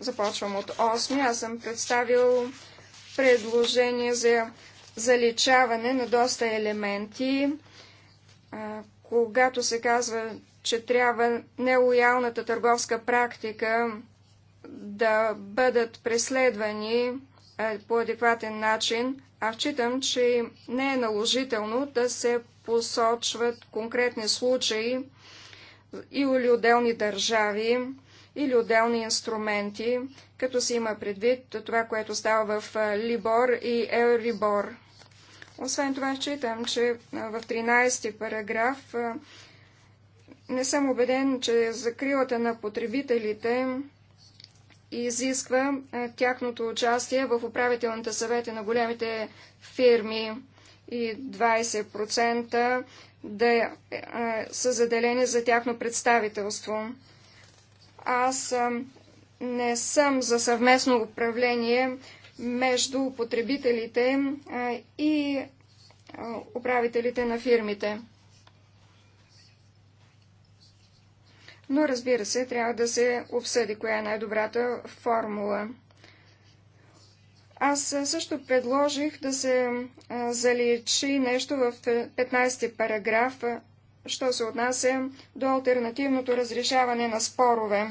Започвам от 8. Аз съм представил предложение за заличаване на доста елементи. когато се казва, че трябва нелоялната търговска практика да бъдат преследвани по адекватен начин, а вчитам, че не е наложително да се посочват конкретни случаи или отделни държави, или отделни инструменти, като се има предвид това, което става в Либор и ЕРИБОР. Освен това, считам, че в 13 параграф не съм убеден, че закрилата на потребителите изисква тяхното участие в управителните съвети на големите фирми и 20% да е, са заделени за тяхно представителство. Аз не съм за съвместно управление между потребителите и управителите на фирмите. Но разбира се, трябва да се обсъди коя е най-добрата формула. Аз също предложих да се заличи нещо в 15 ти параграф, що се отнася до альтернативното разрешаване на спорове.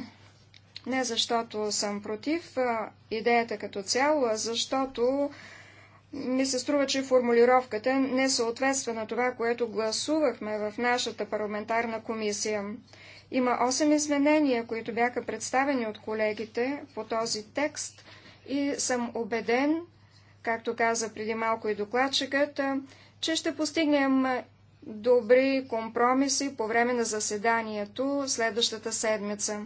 Не защото съм против а, идеята като цяло, а защото ми се струва, че формулировката не съответства на това, което гласувахме в нашата парламентарна комисия. Има 8 изменения, които бяха представени от колегите по този текст и съм убеден, както каза преди малко и докладчикът, че ще постигнем добри компромиси по време на заседанието следващата седмица.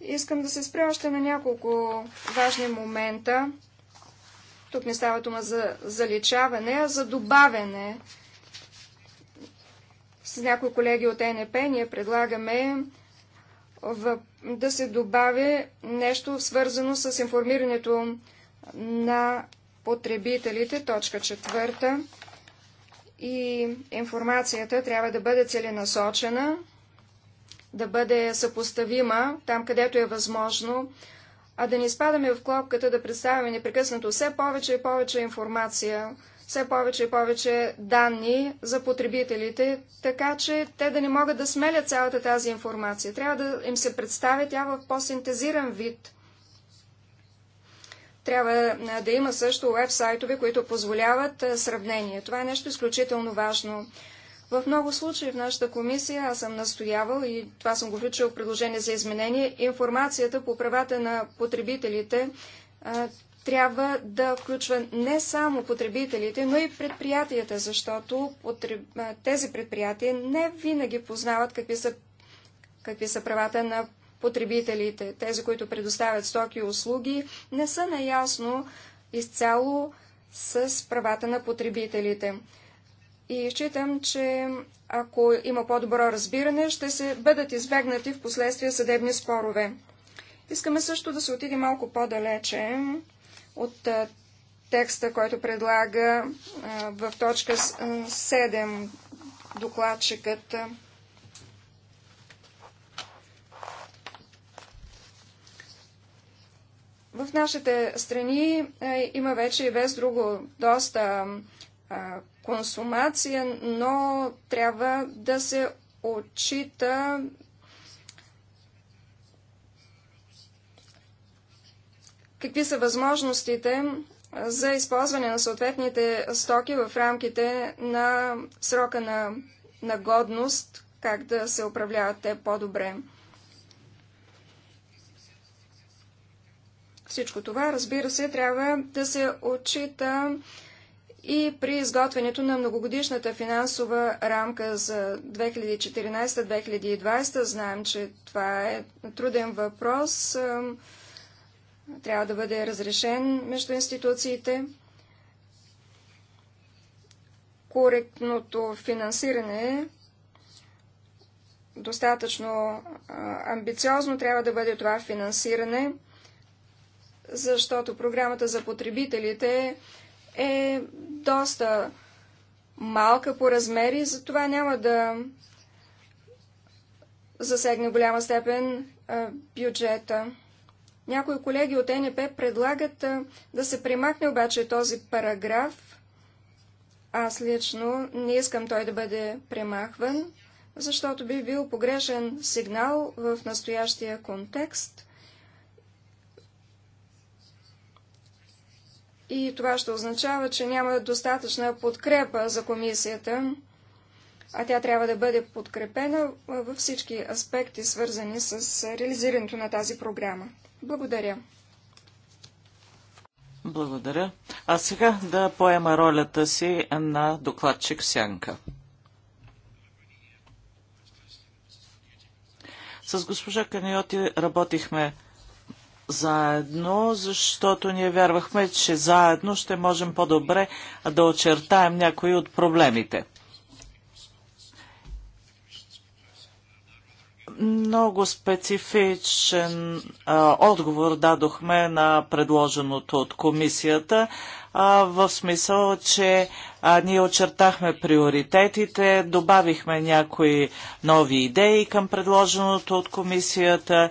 Искам да се спря още на няколко важни момента. Тук не става дума за заличаване, а за добавяне. С някои колеги от ЕНП ние предлагаме да се добави нещо свързано с информирането на потребителите, точка четвърта. И информацията трябва да бъде целенасочена, да бъде съпоставима там, където е възможно, а да не изпадаме в клопката да представяме непрекъснато все повече и повече информация, все повече и повече данни за потребителите, така че те да не могат да смелят цялата тази информация. Трябва да им се представя тя в по-синтезиран вид. Трябва да има също веб-сайтове, които позволяват сравнение. Това е нещо изключително важно. В много случаи в нашата комисия аз съм настоявал и това съм го включил в предложение за изменение. Информацията по правата на потребителите а, трябва да включва не само потребителите, но и предприятията, защото потреб... тези предприятия не винаги познават какви са, какви са правата на потребителите. Тези, които предоставят стоки и услуги, не са наясно изцяло с правата на потребителите. И считам, че ако има по-добро разбиране, ще се бъдат избегнати в последствие съдебни спорове. Искаме също да се отиде малко по-далече от текста, който предлага в точка 7 докладчикът. В нашите страни има вече и без друго доста консумация, но трябва да се отчита какви са възможностите за използване на съответните стоки в рамките на срока на, на годност, как да се управляват те по-добре. Всичко това, разбира се, трябва да се отчита и при изготвянето на многогодишната финансова рамка за 2014-2020. Знаем, че това е труден въпрос. Трябва да бъде разрешен между институциите. Коректното финансиране е достатъчно амбициозно трябва да бъде това финансиране, защото програмата за потребителите е е доста малка по размери, затова няма да засегне голяма степен бюджета. Някои колеги от НП предлагат да се примахне обаче този параграф. Аз лично не искам той да бъде премахван, защото би бил погрешен сигнал в настоящия контекст – и това ще означава, че няма достатъчна подкрепа за комисията, а тя трябва да бъде подкрепена във всички аспекти, свързани с реализирането на тази програма. Благодаря. Благодаря. А сега да поема ролята си на докладчик Сянка. С госпожа Каниоти работихме заедно, защото ние вярвахме, че заедно ще можем по-добре да очертаем някои от проблемите. Много специфичен а, отговор дадохме на предложеното от комисията в смисъл, че ние очертахме приоритетите, добавихме някои нови идеи към предложеното от комисията,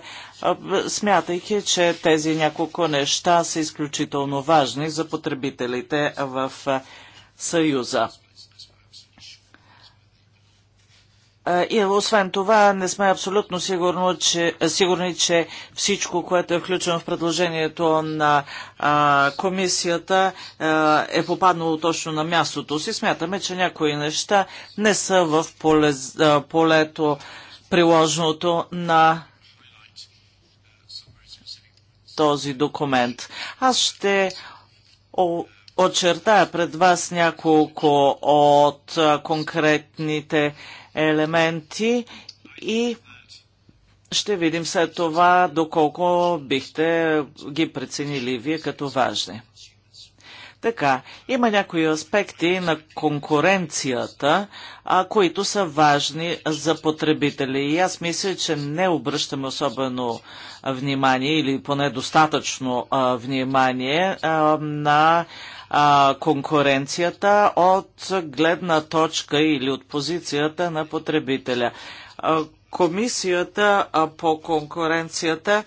смятайки, че тези няколко неща са изключително важни за потребителите в Съюза. И освен това, не сме абсолютно сигурно, че, сигурни, че всичко, което е включено в предложението на а, комисията, а, е попаднало точно на мястото си. Смятаме, че някои неща не са в поле, а, полето приложеното на този документ. Аз ще очертая пред вас няколко от конкретните елементи и ще видим след това доколко бихте ги преценили вие като важни. Така, има някои аспекти на конкуренцията, а, които са важни за потребители. И аз мисля, че не обръщаме особено внимание или поне достатъчно а, внимание а, на а, конкуренцията от гледна точка или от позицията на потребителя. А, комисията а, по конкуренцията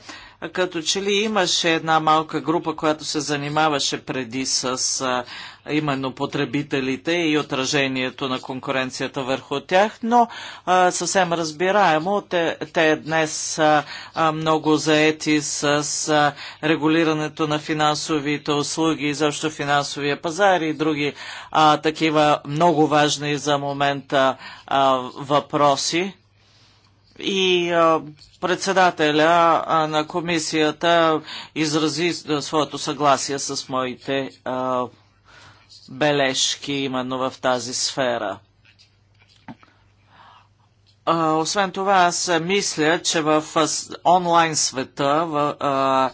като че ли имаше една малка група, която се занимаваше преди с именно потребителите и отражението на конкуренцията върху тях, но а, съвсем разбираемо, те, те днес са много заети с а, регулирането на финансовите услуги, защо финансовия пазар и други а, такива много важни за момента а, въпроси. И а, председателя а, на комисията изрази своето съгласие с моите а, бележки именно в тази сфера. Освен това, аз мисля, че в онлайн света в, а,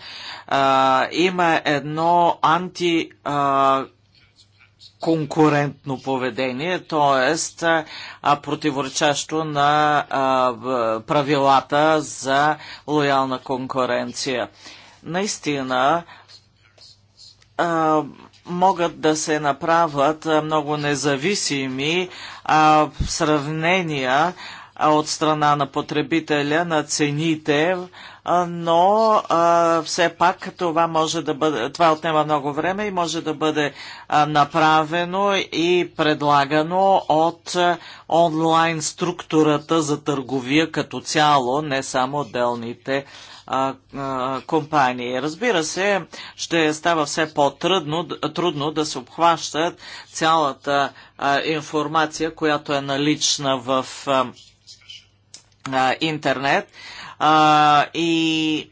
а, има едно антиконкурентно поведение, т.е. противоречащо на а, правилата за лоялна конкуренция. Наистина, а, могат да се направят много независими а, сравнения от страна на потребителя на цените, но а, все пак това може да бъде, това отнема много време и може да бъде а, направено и предлагано от а, онлайн структурата за търговия като цяло, не само отделните компании. Разбира се, ще става все по-трудно трудно да се обхващат цялата информация, която е налична в интернет. и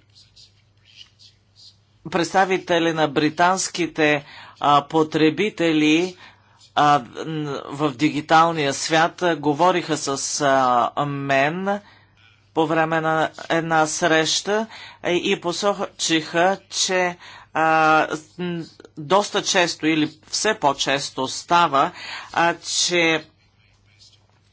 представители на британските потребители в дигиталния свят говориха с мен по време на една среща и посочиха, че а, доста често или все по-често става, а, че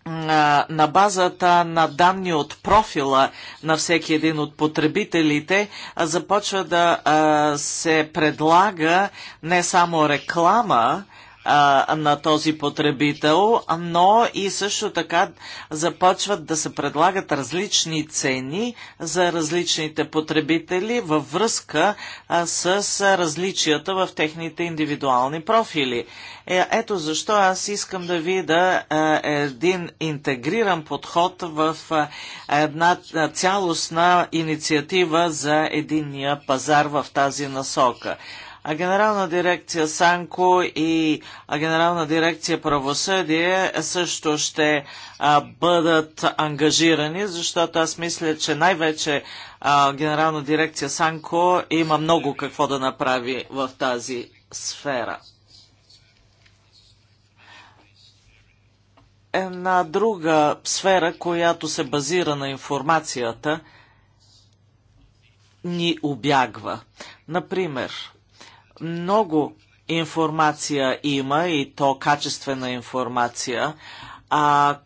а, на базата на данни от профила на всеки един от потребителите започва да а, се предлага не само реклама, на този потребител, но и също така започват да се предлагат различни цени за различните потребители във връзка с различията в техните индивидуални профили. Е, ето защо аз искам да видя да, един интегриран подход в една цялостна инициатива за единния пазар в тази насока. А Генерална дирекция Санко и Генерална дирекция Правосъдие също ще а, бъдат ангажирани, защото аз мисля, че най-вече Генерална дирекция Санко има много какво да направи в тази сфера. Една друга сфера, която се базира на информацията, ни обягва. Например, много информация има и то качествена информация, а,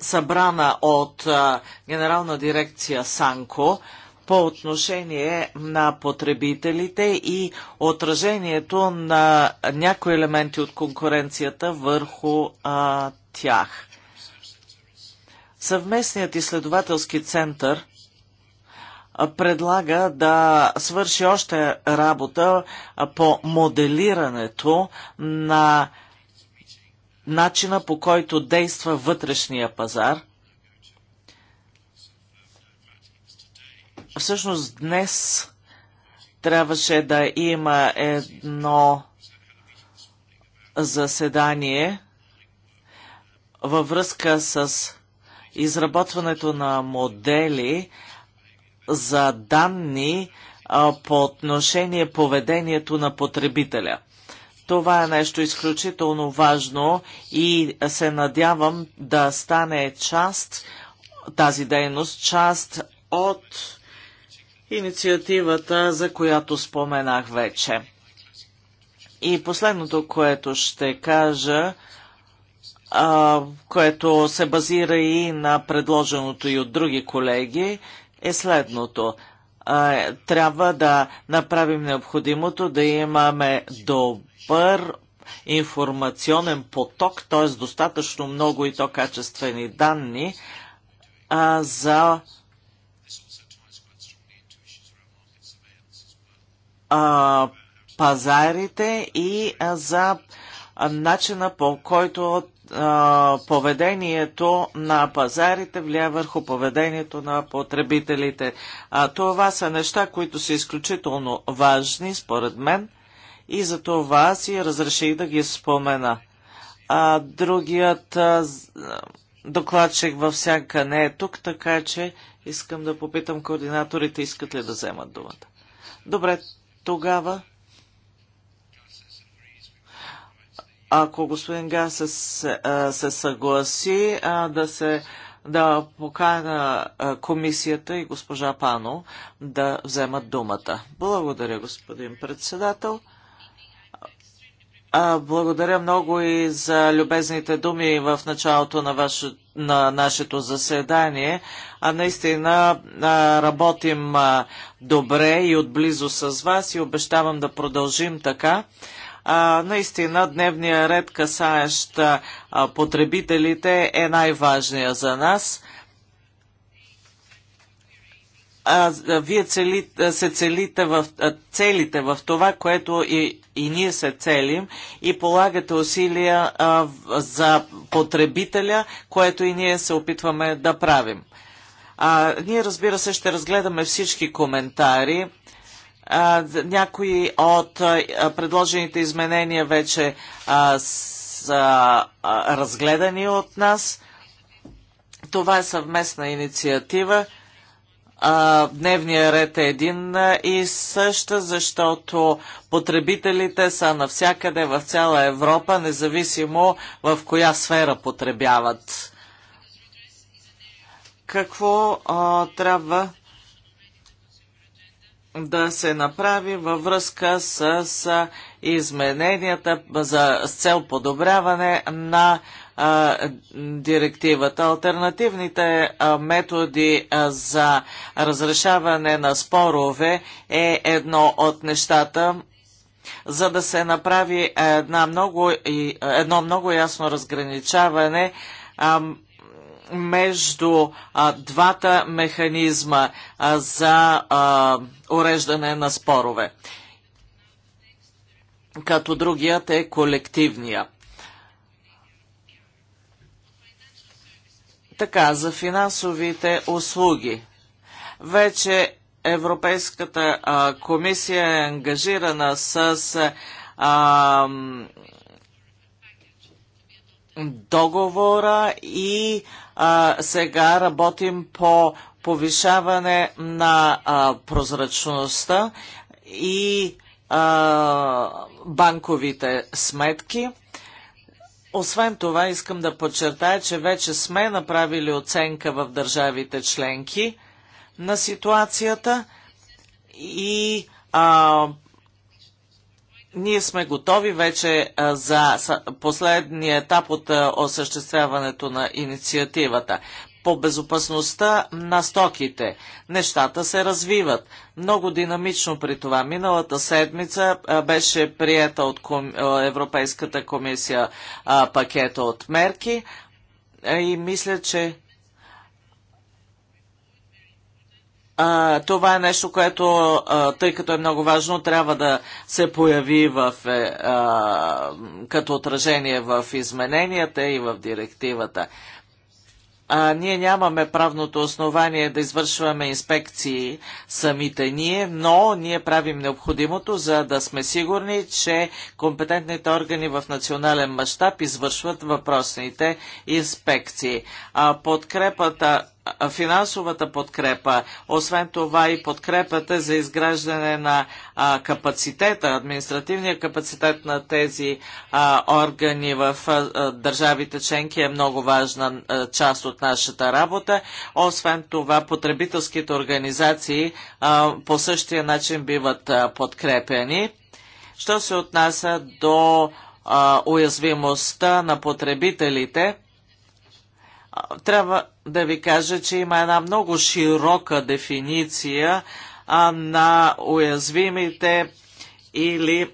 събрана от а, Генерална дирекция Санко по отношение на потребителите и отражението на някои елементи от конкуренцията върху а, тях. Съвместният изследователски център предлага да свърши още работа по моделирането на начина по който действа вътрешния пазар. Всъщност днес трябваше да има едно заседание във връзка с изработването на модели, за данни а, по отношение поведението на потребителя. Това е нещо изключително важно и се надявам да стане част, тази дейност, част от инициативата, за която споменах вече. И последното, което ще кажа, което се базира и на предложеното и от други колеги, е следното. Трябва да направим необходимото да имаме добър информационен поток, т.е. достатъчно много и то качествени данни а, за а, пазарите и а, за начина по който поведението на пазарите влияе върху поведението на потребителите. А, това са неща, които са изключително важни, според мен, и за това си разреших да ги спомена. А, другият а, докладчик във сянка не е тук, така че искам да попитам координаторите, искат ли да вземат думата. Добре, тогава ако господин Га се съгласи а, да се да покана комисията и госпожа Пано да вземат думата. Благодаря, господин председател. благодаря много и за любезните думи в началото на, ваше, на нашето заседание. А наистина работим добре и отблизо с вас и обещавам да продължим така а, наистина дневния ред, касаещ а, потребителите, е най-важния за нас. А, вие целите, се целите в, целите в това, което и, и ние се целим и полагате усилия а, за потребителя, което и ние се опитваме да правим. А, ние, разбира се, ще разгледаме всички коментари някои от предложените изменения вече са разгледани от нас. Това е съвместна инициатива. Дневният ред е един и същ, защото потребителите са навсякъде в цяла Европа, независимо в коя сфера потребяват. Какво трябва да се направи във връзка с, с измененията за, с цел подобряване на а, директивата. Альтернативните а, методи а, за разрешаване на спорове е едно от нещата, за да се направи една много, едно много ясно разграничаване а, между а, двата механизма а, за а, уреждане на спорове, като другият е колективния. Така, за финансовите услуги. Вече Европейската а, комисия е ангажирана с а, договора и а, а, сега работим по повишаване на а, прозрачността и а, банковите сметки. Освен това, искам да подчертая, че вече сме направили оценка в държавите членки на ситуацията и а, ние сме готови вече за последния етап от осъществяването на инициативата. По безопасността на стоките. Нещата се развиват. Много динамично при това. Миналата седмица беше приета от Европейската комисия пакета от мерки и мисля, че А, това е нещо, което, а, тъй като е много важно, трябва да се появи в, е, а, като отражение в измененията и в директивата. А, ние нямаме правното основание да извършваме инспекции самите ние, но ние правим необходимото, за да сме сигурни, че компетентните органи в национален мащаб извършват въпросните инспекции. А, подкрепата финансовата подкрепа, освен това и подкрепата за изграждане на а, капацитета, административния капацитет на тези а, органи в а, държавите членки е много важна а, част от нашата работа. Освен това, потребителските организации а, по същия начин биват а, подкрепени. Що се отнася до а, уязвимостта на потребителите, трябва да ви кажа, че има една много широка дефиниция а, на уязвимите или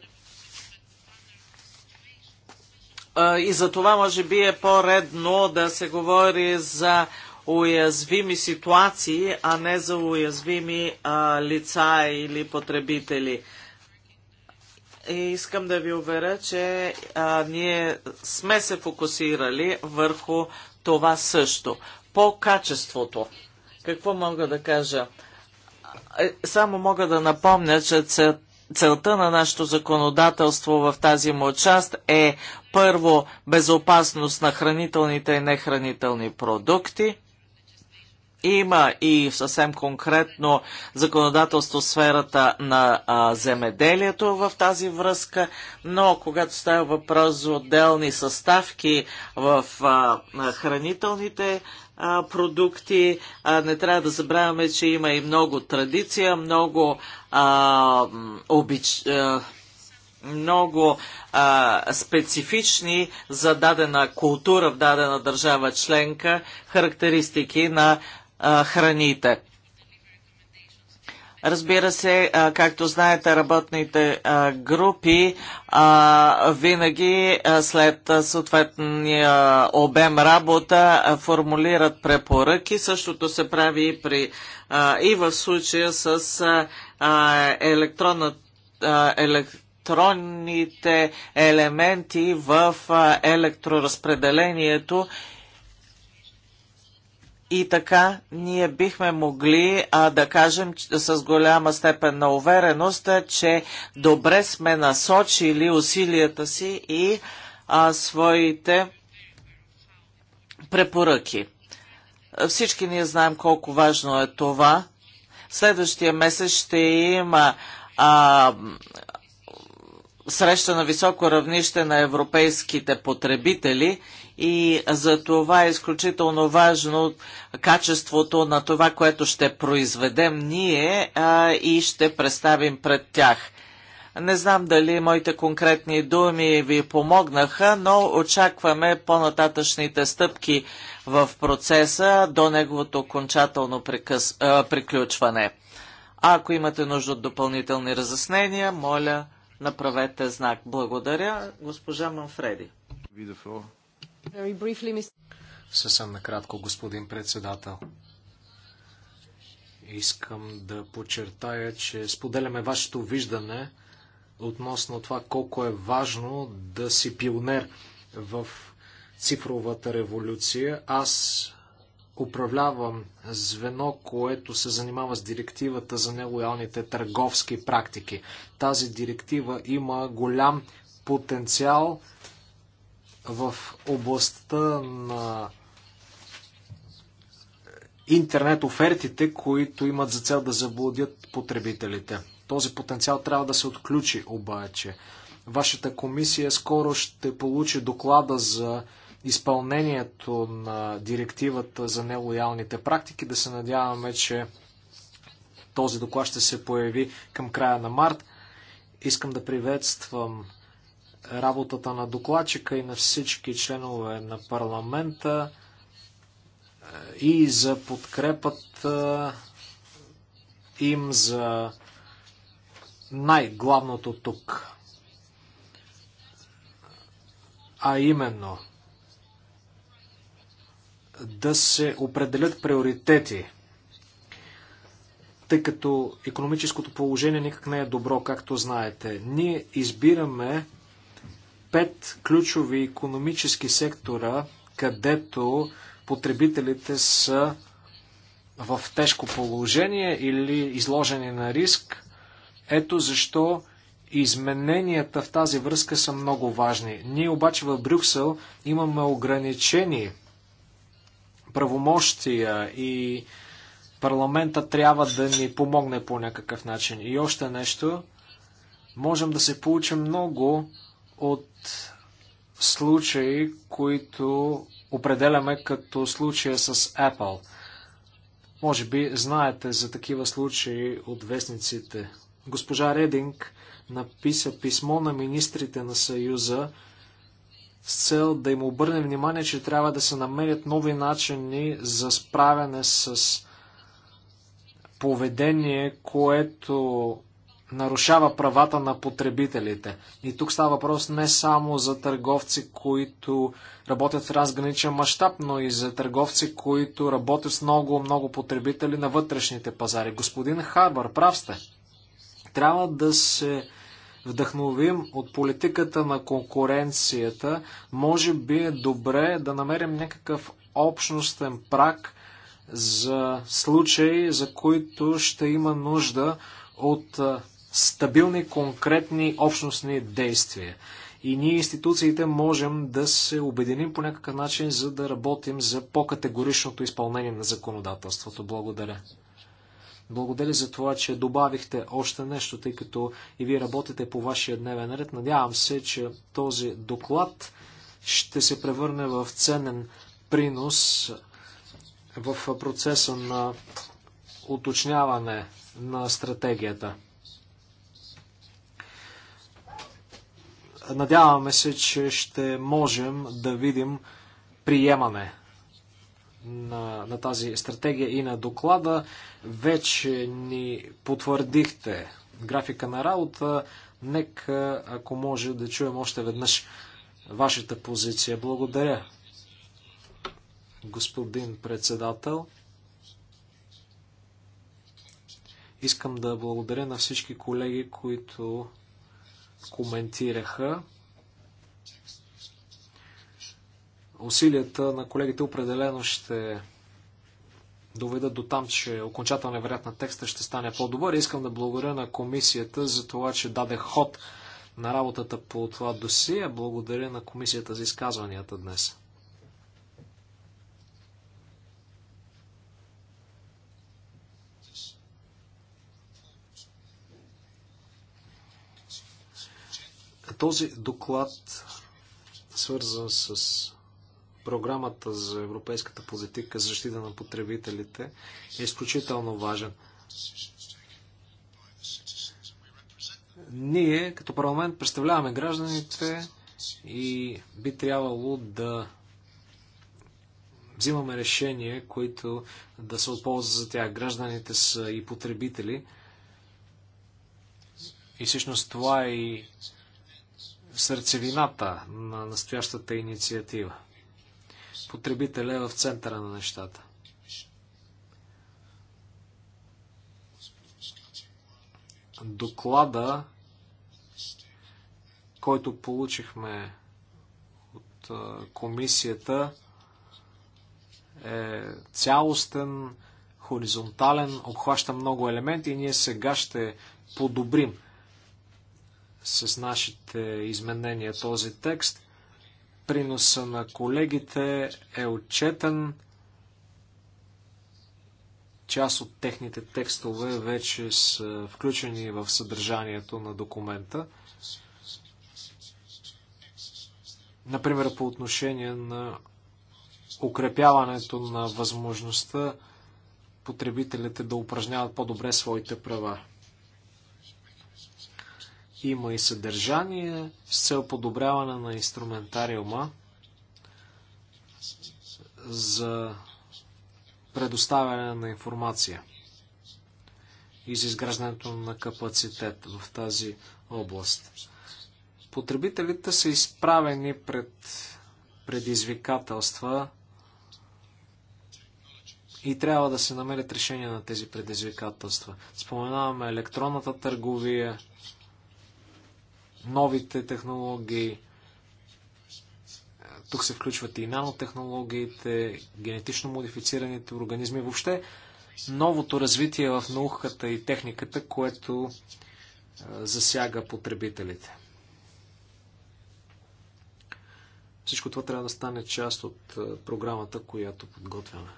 а, и за това може би е по-редно да се говори за уязвими ситуации, а не за уязвими а, лица или потребители. И искам да ви уверя, че а, ние сме се фокусирали върху това също. По качеството. Какво мога да кажа? Е, само мога да напомня, че целта на нашето законодателство в тази му част е първо безопасност на хранителните и нехранителни продукти, има и съвсем конкретно законодателство в сферата на а, земеделието в тази връзка, но когато става въпрос за отделни съставки в а, хранителните а, продукти, а, не трябва да забравяме, че има и много традиция, много а, обич... много а, специфични за дадена култура в дадена държава членка характеристики на храните. Разбира се, както знаете, работните групи винаги след съответния обем работа формулират препоръки. Същото се прави и, при, и в случая с електронните елементи в електроразпределението и така ние бихме могли а, да кажем че, с голяма степен на увереност, е, че добре сме насочили усилията си и а, своите препоръки. Всички ние знаем колко важно е това. Следващия месец ще има а, среща на високо равнище на европейските потребители – и за това е изключително важно качеството на това, което ще произведем ние а, и ще представим пред тях. Не знам дали моите конкретни думи ви помогнаха, но очакваме по-нататъчните стъпки в процеса до неговото окончателно прикъс... приключване. А ако имате нужда от допълнителни разяснения, моля, направете знак. Благодаря, госпожа Манфреди. Beautiful. Съвсем накратко, господин председател. Искам да подчертая, че споделяме вашето виждане относно това колко е важно да си пионер в цифровата революция. Аз управлявам звено, което се занимава с директивата за нелоялните търговски практики. Тази директива има голям потенциал в областта на интернет офертите, които имат за цел да заблудят потребителите. Този потенциал трябва да се отключи обаче. Вашата комисия скоро ще получи доклада за изпълнението на директивата за нелоялните практики. Да се надяваме, че този доклад ще се появи към края на март. Искам да приветствам работата на докладчика и на всички членове на парламента е, и за подкрепата им за най-главното тук. А именно да се определят приоритети, тъй като економическото положение никак не е добро, както знаете. Ние избираме пет ключови економически сектора, където потребителите са в тежко положение или изложени на риск. Ето защо измененията в тази връзка са много важни. Ние обаче в Брюксел имаме ограничени правомощия и парламента трябва да ни помогне по някакъв начин. И още нещо, можем да се получим много от случаи, които определяме като случая с Apple. Може би знаете за такива случаи от вестниците. Госпожа Рединг написа писмо на министрите на Съюза с цел да им обърне внимание, че трябва да се намерят нови начини за справяне с поведение, което нарушава правата на потребителите. И тук става въпрос не само за търговци, които работят в разграничен мащаб, но и за търговци, които работят с много-много потребители на вътрешните пазари. Господин Харбър, прав сте. Трябва да се вдъхновим от политиката на конкуренцията. Може би е добре да намерим някакъв общностен прак за случаи, за които ще има нужда от стабилни, конкретни общностни действия. И ние, институциите, можем да се обединим по някакъв начин, за да работим за по-категоричното изпълнение на законодателството. Благодаря. Благодаря за това, че добавихте още нещо, тъй като и вие работите по вашия дневен ред. Надявам се, че този доклад ще се превърне в ценен принос в процеса на уточняване на стратегията. Надяваме се, че ще можем да видим приемане на, на тази стратегия и на доклада. Вече ни потвърдихте графика на работа. Нека, ако може, да чуем още веднъж вашата позиция. Благодаря, господин председател. Искам да благодаря на всички колеги, които коментираха усилията на колегите определено ще доведат до там, че окончателният вариант на текста ще стане по-добър. Искам да благодаря на комисията за това, че даде ход на работата по това досие. Благодаря на комисията за изказванията днес. Този доклад, свързан с програмата за европейската политика за защита на потребителите, е изключително важен. Ние, като парламент, представляваме гражданите и би трябвало да взимаме решения, които да се отползват за тях. Гражданите са и потребители. И всъщност това е и сърцевината на настоящата инициатива. Потребителя е в центъра на нещата. Доклада, който получихме от комисията, е цялостен, хоризонтален, обхваща много елементи и ние сега ще подобрим с нашите изменения този текст. Приноса на колегите е отчетен. Част от техните текстове вече са включени в съдържанието на документа. Например, по отношение на укрепяването на възможността потребителите да упражняват по-добре своите права. Има и съдържание с цел подобряване на инструментариума за предоставяне на информация и за изграждането на капацитет в тази област. Потребителите са изправени пред предизвикателства и трябва да се намерят решения на тези предизвикателства. Споменаваме електронната търговия, новите технологии. Тук се включват и нанотехнологиите, генетично модифицираните организми, въобще новото развитие в науката и техниката, което засяга потребителите. Всичко това трябва да стане част от програмата, която подготвяме.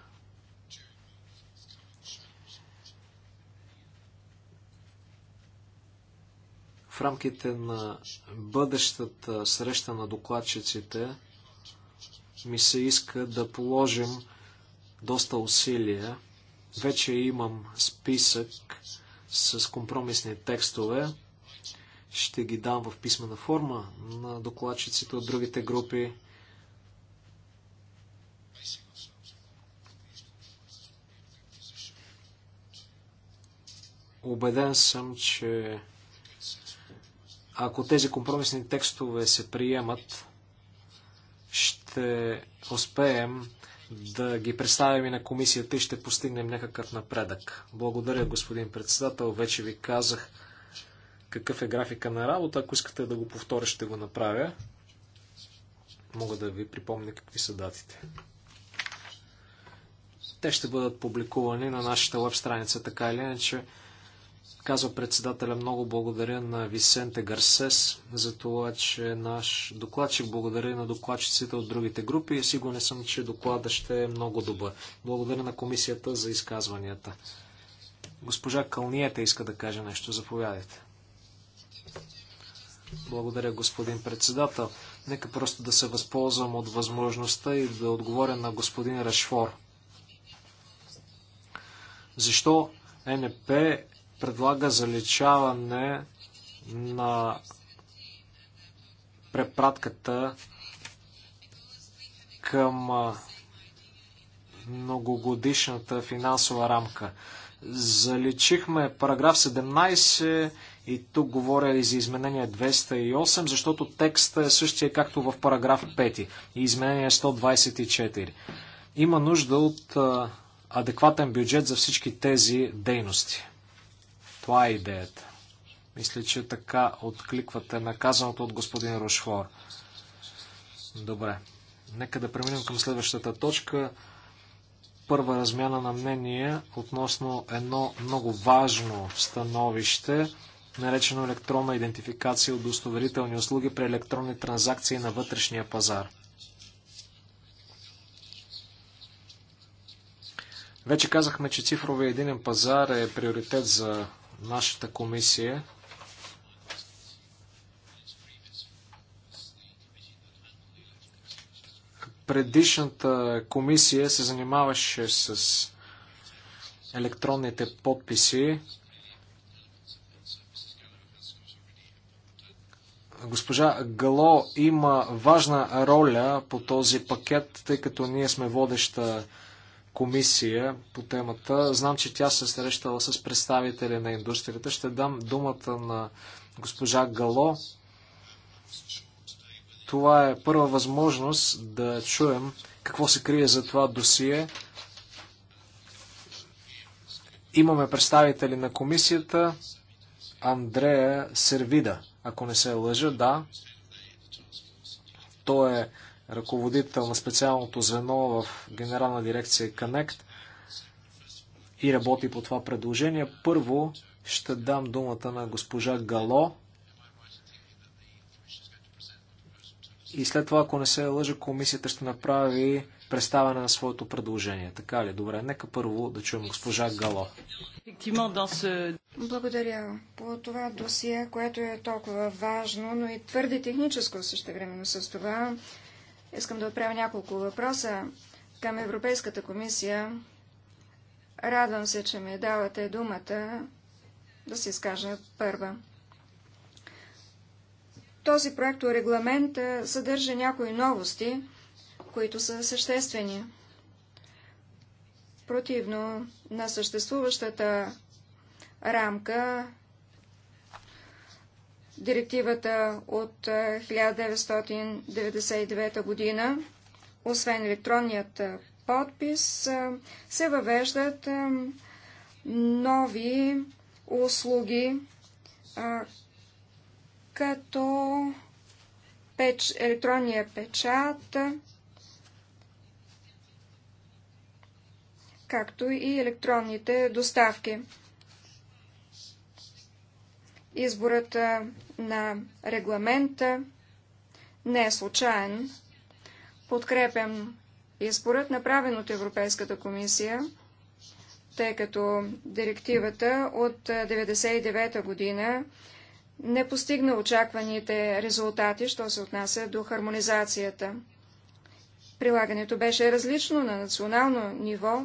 В рамките на бъдещата среща на докладчиците ми се иска да положим доста усилия. Вече имам списък с компромисни текстове. Ще ги дам в писмена форма на докладчиците от другите групи. Обеден съм, че ако тези компромисни текстове се приемат, ще успеем да ги представим и на комисията и ще постигнем някакъв напредък. Благодаря, господин председател. Вече ви казах какъв е графика на работа. Ако искате да го повторя, ще го направя. Мога да ви припомня какви са датите. Те ще бъдат публикувани на нашата веб страница, така или иначе. Казва председателя, много благодаря на Висенте Гарсес за това, че е наш докладчик. Благодаря на докладчиците от другите групи и сигурен съм, че докладът ще е много добър. Благодаря на комисията за изказванията. Госпожа Кълниета иска да каже нещо. Заповядайте. Благодаря, господин председател. Нека просто да се възползвам от възможността и да отговоря на господин Рашфор. Защо НП предлага заличаване на препратката към многогодишната финансова рамка. Заличихме параграф 17 и тук говоря и за изменение 208, защото текстът е същия както в параграф 5 и изменение 124. Има нужда от адекватен бюджет за всички тези дейности. Това е идеята. Мисля, че така откликвате наказаното от господин Рошфор. Добре. Нека да преминем към следващата точка. Първа размяна на мнение относно едно много важно становище, наречено електронна идентификация от удостоверителни услуги при електронни транзакции на вътрешния пазар. Вече казахме, че цифровия единен пазар е приоритет за нашата комисия предишната комисия се занимаваше с електронните подписи. Госпожа Гало има важна роля по този пакет, тъй като ние сме водеща комисия по темата. Знам, че тя се срещала с представители на индустрията. Ще дам думата на госпожа Гало. Това е първа възможност да чуем какво се крие за това досие. Имаме представители на комисията. Андрея Сервида, ако не се лъжа, да. Той е ръководител на специалното звено в Генерална дирекция Connect и работи по това предложение. Първо ще дам думата на госпожа Гало. И след това, ако не се лъжа, комисията ще направи представяне на своето предложение. Така ли? Добре, нека първо да чуем госпожа Гало. Благодаря. По това досие, което е толкова важно, но и твърде техническо времено с това, Искам да отправя няколко въпроса към Европейската комисия. Радвам се, че ми давате думата да се изкажа първа. Този проект регламент съдържа някои новости, които са съществени. Противно на съществуващата рамка директивата от 1999 е, година, освен електронният е, подпис, е, се въвеждат нови услуги, като печ, електронния печат, както и електронните доставки. Изборът на регламента не е случайен. Подкрепям изборът, направен от Европейската комисия, тъй като директивата от 1999 година не постигна очакваните резултати, що се отнася до хармонизацията. Прилагането беше различно на национално ниво,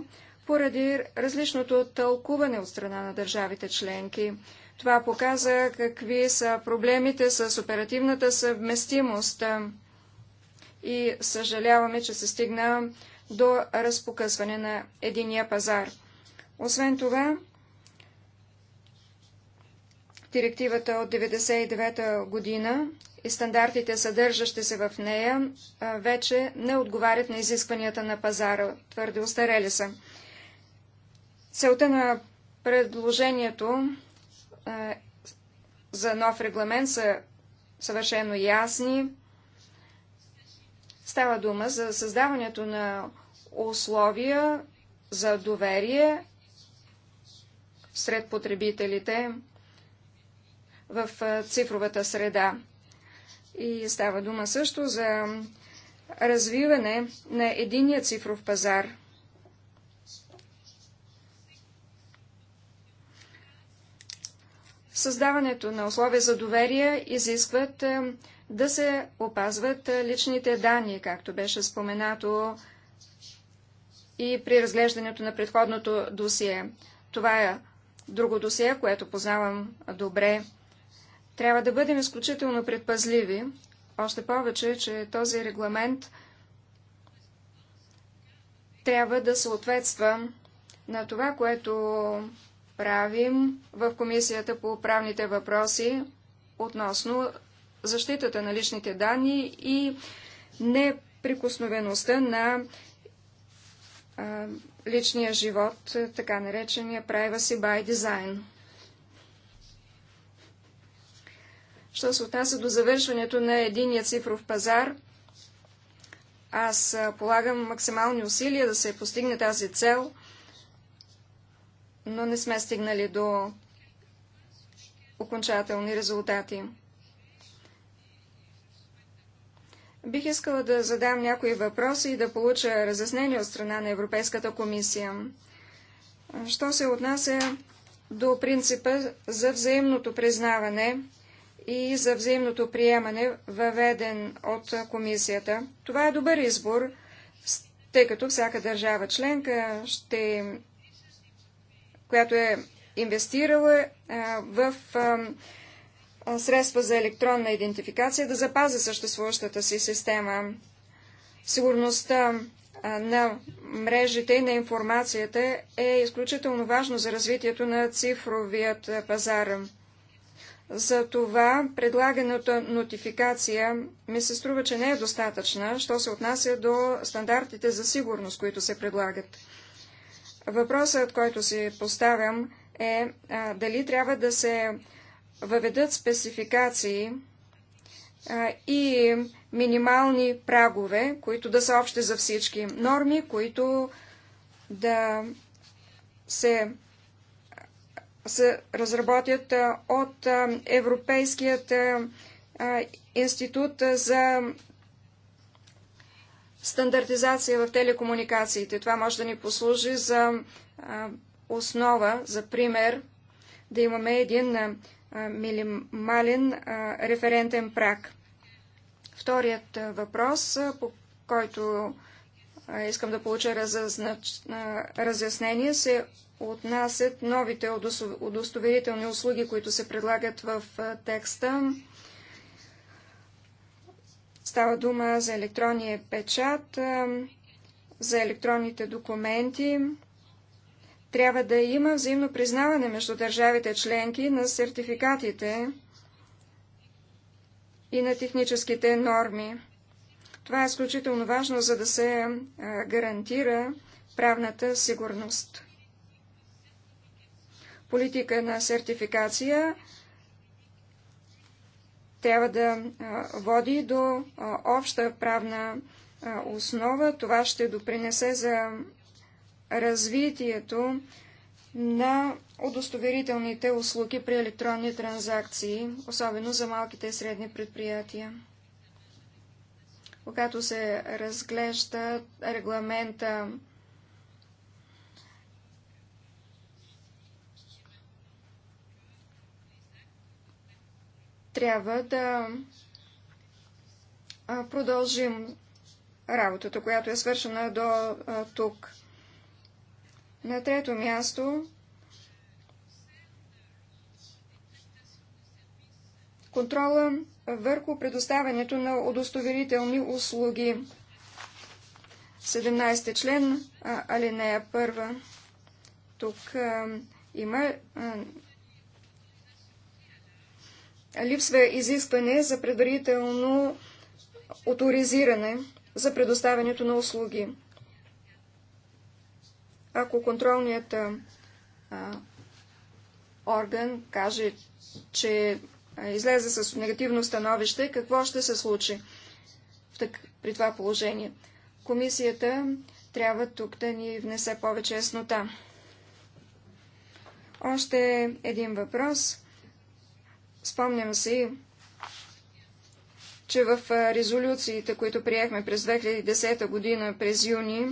поради различното тълкуване от страна на държавите членки. Това показа какви са проблемите с оперативната съвместимост и съжаляваме, че се стигна до разпокъсване на единия пазар. Освен това, директивата от 1999 година и стандартите, съдържащи се в нея, вече не отговарят на изискванията на пазара. Твърде устарели са. Целта на предложението е, за нов регламент са съвършено ясни. Става дума за създаването на условия за доверие сред потребителите в е, цифровата среда. И става дума също за развиване на единия цифров пазар – Създаването на условия за доверие изискват е, да се опазват е, личните данни, както беше споменато и при разглеждането на предходното досие. Това е друго досие, което познавам добре. Трябва да бъдем изключително предпазливи, още повече, че този регламент трябва да съответства на това, което правим в Комисията по правните въпроси относно защитата на личните данни и неприкосновеността на личния живот, така наречения privacy by design. Що се отнася до завършването на единия цифров пазар, аз полагам максимални усилия да се постигне тази цел – но не сме стигнали до окончателни резултати. Бих искала да задам някои въпроси и да получа разяснение от страна на Европейската комисия. Що се отнася до принципа за взаимното признаване и за взаимното приемане, въведен от комисията. Това е добър избор, тъй като всяка държава членка ще която е инвестирала е, в е, е, средства за електронна идентификация, да запази съществуващата си система. Сигурността на мрежите и на информацията е изключително важно за развитието на цифровият пазар. За това предлаганата нотификация ми се струва, че не е достатъчна, що се отнася до стандартите за сигурност, които се предлагат. Въпросът, който си поставям е а, дали трябва да се въведат спецификации а, и минимални прагове, които да са общи за всички норми, които да се, се разработят от Европейският институт за стандартизация в телекомуникациите. Това може да ни послужи за основа, за пример, да имаме един минимален референтен прак. Вторият въпрос, по който искам да получа разяснение, се отнасят новите удостоверителни услуги, които се предлагат в текста. Става дума за електронния печат, за електронните документи. Трябва да има взаимно признаване между държавите членки на сертификатите и на техническите норми. Това е изключително важно, за да се гарантира правната сигурност. Политика на сертификация трябва да води до обща правна основа. Това ще допринесе за развитието на удостоверителните услуги при електронни транзакции, особено за малките и средни предприятия. Когато се разглежда регламента трябва да продължим работата, която е свършена до тук. На трето място контрола върху предоставянето на удостоверителни услуги. 17 член, алинея 1. Тук има липсва изискване за предварително авторизиране за предоставянето на услуги. Ако контролният а, орган каже, че излезе с негативно становище, какво ще се случи в так... при това положение? Комисията трябва тук да ни внесе повече яснота. Още един въпрос – Спомням си, че в резолюциите, които приехме през 2010 година, през юни,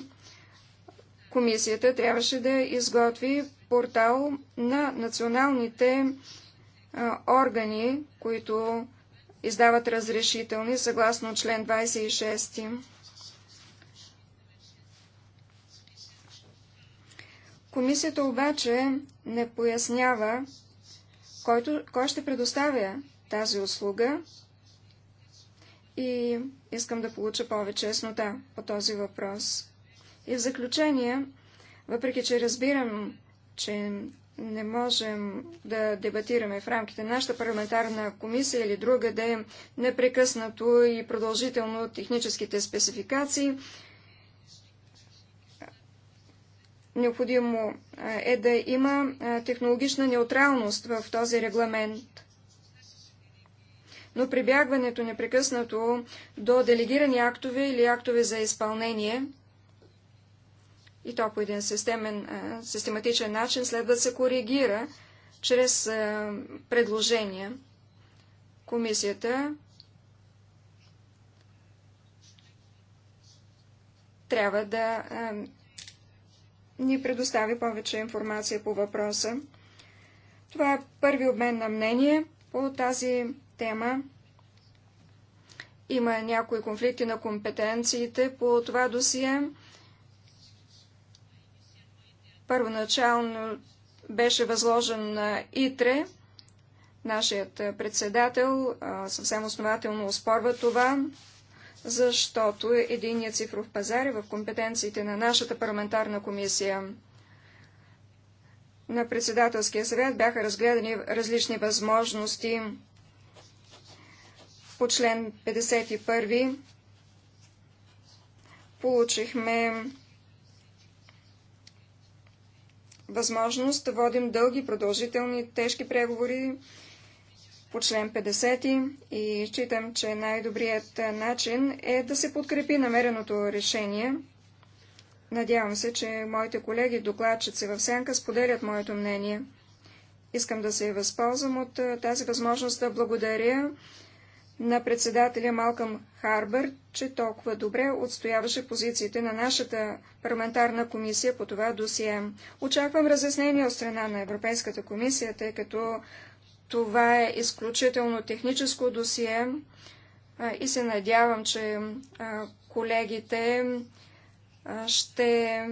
комисията трябваше да изготви портал на националните органи, които издават разрешителни съгласно член 26. Комисията обаче не пояснява който, кой ще предоставя тази услуга и искам да получа повече яснота по този въпрос. И в заключение, въпреки че разбирам, че не можем да дебатираме в рамките на нашата парламентарна комисия или друга да е непрекъснато и продължително техническите спецификации, Необходимо е да има технологична неутралност в този регламент. Но прибягването непрекъснато до делегирани актове или актове за изпълнение и то по един системен, систематичен начин следва да се коригира чрез предложения. Комисията трябва да ни предостави повече информация по въпроса. Това е първи обмен на мнение по тази тема. Има някои конфликти на компетенциите по това досие. Първоначално беше възложен на ИТРЕ. Нашият председател съвсем основателно успорва това защото е единият цифров пазар е в компетенциите на нашата парламентарна комисия. На председателския съвет бяха разгледани различни възможности по член 51. Получихме възможност да водим дълги, продължителни, тежки преговори по член 50 и считам, че най-добрият начин е да се подкрепи намереното решение. Надявам се, че моите колеги докладчици в Сянка споделят моето мнение. Искам да се възползвам от тази възможност да благодаря на председателя Малкъм Харбър, че толкова добре отстояваше позициите на нашата парламентарна комисия по това досие. Очаквам разяснение от страна на Европейската комисия, тъй като това е изключително техническо досие и се надявам, че колегите ще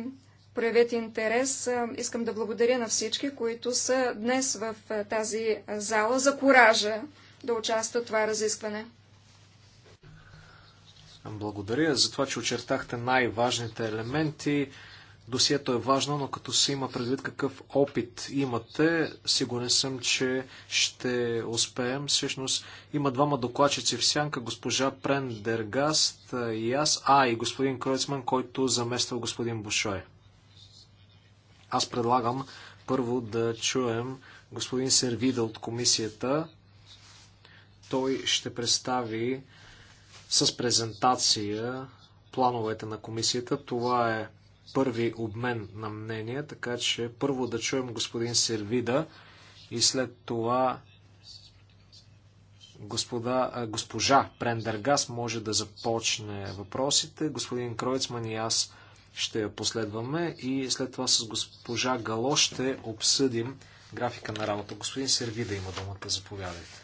проявят интерес. Искам да благодаря на всички, които са днес в тази зала за коража да участват в това разискване. Благодаря за това, че очертахте най-важните елементи досието е важно, но като се има предвид какъв опит имате, сигурен съм, че ще успеем. Всъщност има двама докладчици в сянка, госпожа Прендергаст и аз, а и господин Кройцман, който замества господин Бушой. Аз предлагам първо да чуем господин Сервида от комисията. Той ще представи с презентация плановете на комисията. Това е първи обмен на мнения, така че първо да чуем господин Сервида и след това господа, госпожа Прендергас може да започне въпросите. Господин Кройцман и аз ще я последваме и след това с госпожа Гало ще обсъдим графика на работа. Господин Сервида има думата, заповядайте.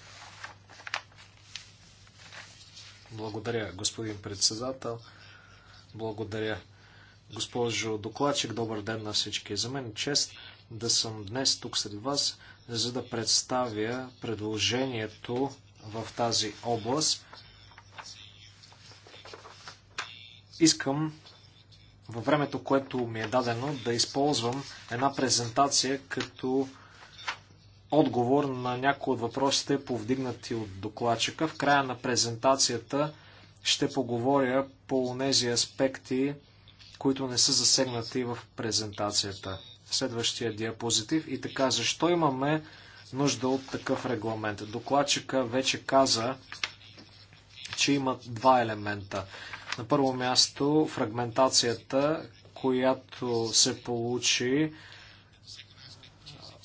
Благодаря, господин председател. Благодаря Госпожо докладчик, добър ден на всички. За мен е чест да съм днес тук сред вас, за да представя предложението в тази област. Искам във времето, което ми е дадено, да използвам една презентация като отговор на някои от въпросите, повдигнати от докладчика. В края на презентацията ще поговоря по тези аспекти, които не са засегнати в презентацията. Следващия диапозитив и така, защо имаме нужда от такъв регламент? Докладчика вече каза, че има два елемента. На първо място фрагментацията, която се получи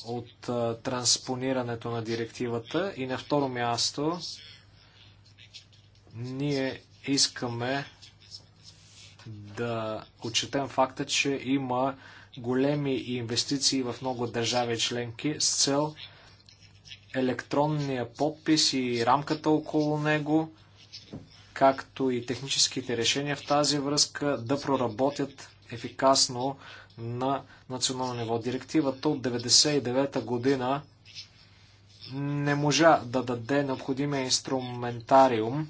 от транспонирането на директивата и на второ място ние искаме да отчетем факта, че има големи инвестиции в много държави членки с цел електронния подпис и рамката около него, както и техническите решения в тази връзка да проработят ефикасно на национално ниво. Директивата от 1999 година не можа да даде необходимия инструментариум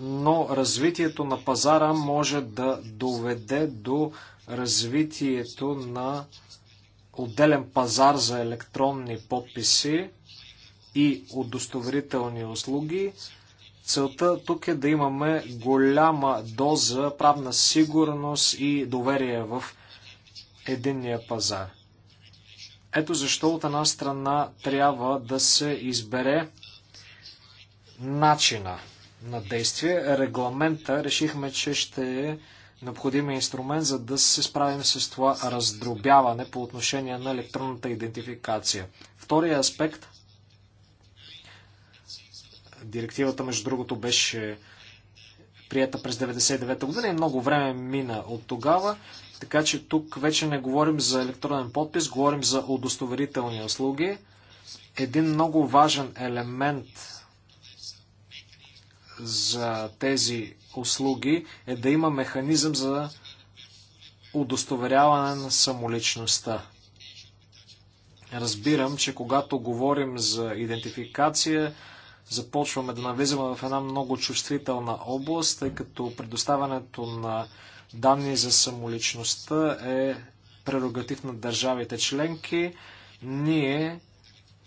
но развитието на пазара може да доведе до развитието на отделен пазар за електронни подписи и удостоверителни услуги. Целта тук е да имаме голяма доза правна сигурност и доверие в единния пазар. Ето защо от една страна трябва да се избере начина на действие. Регламента решихме, че ще е необходимия инструмент, за да се справим с това раздробяване по отношение на електронната идентификация. Втория аспект, директивата между другото беше прията през 1999 година и много време мина от тогава, така че тук вече не говорим за електронен подпис, говорим за удостоверителни услуги. Един много важен елемент за тези услуги е да има механизъм за удостоверяване на самоличността. Разбирам, че когато говорим за идентификация, започваме да навлизаме в една много чувствителна област, тъй като предоставянето на данни за самоличността е прерогатив на държавите членки. Ние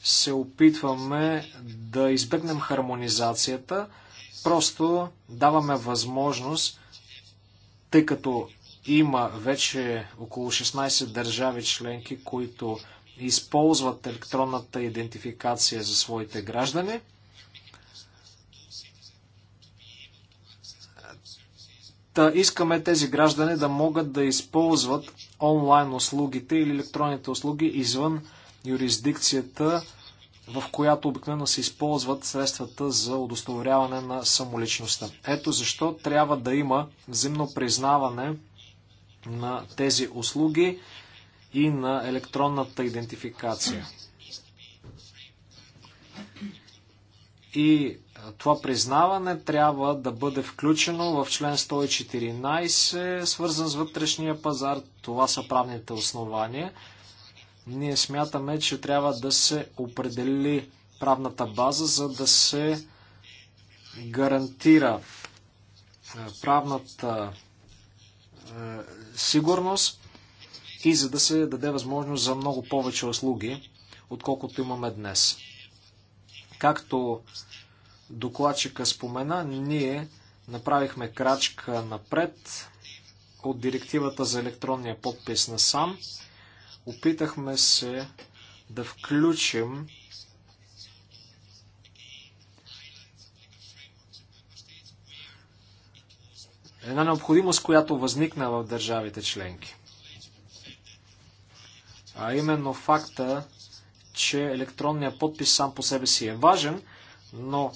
се опитваме да избегнем хармонизацията, Просто даваме възможност, тъй като има вече около 16 държави членки, които използват електронната идентификация за своите граждани. Та искаме тези граждани да могат да използват онлайн услугите или електронните услуги извън юрисдикцията в която обикновено се използват средствата за удостоверяване на самоличността. Ето защо трябва да има взаимно признаване на тези услуги и на електронната идентификация. И това признаване трябва да бъде включено в член 114, свързан с вътрешния пазар. Това са правните основания. Ние смятаме, че трябва да се определи правната база, за да се гарантира е, правната е, сигурност и за да се даде възможност за много повече услуги, отколкото имаме днес. Както докладчика спомена, ние направихме крачка напред от директивата за електронния подпис на сам. Опитахме се да включим една необходимост, която възникна в държавите членки. А именно факта, че електронният подпис сам по себе си е важен, но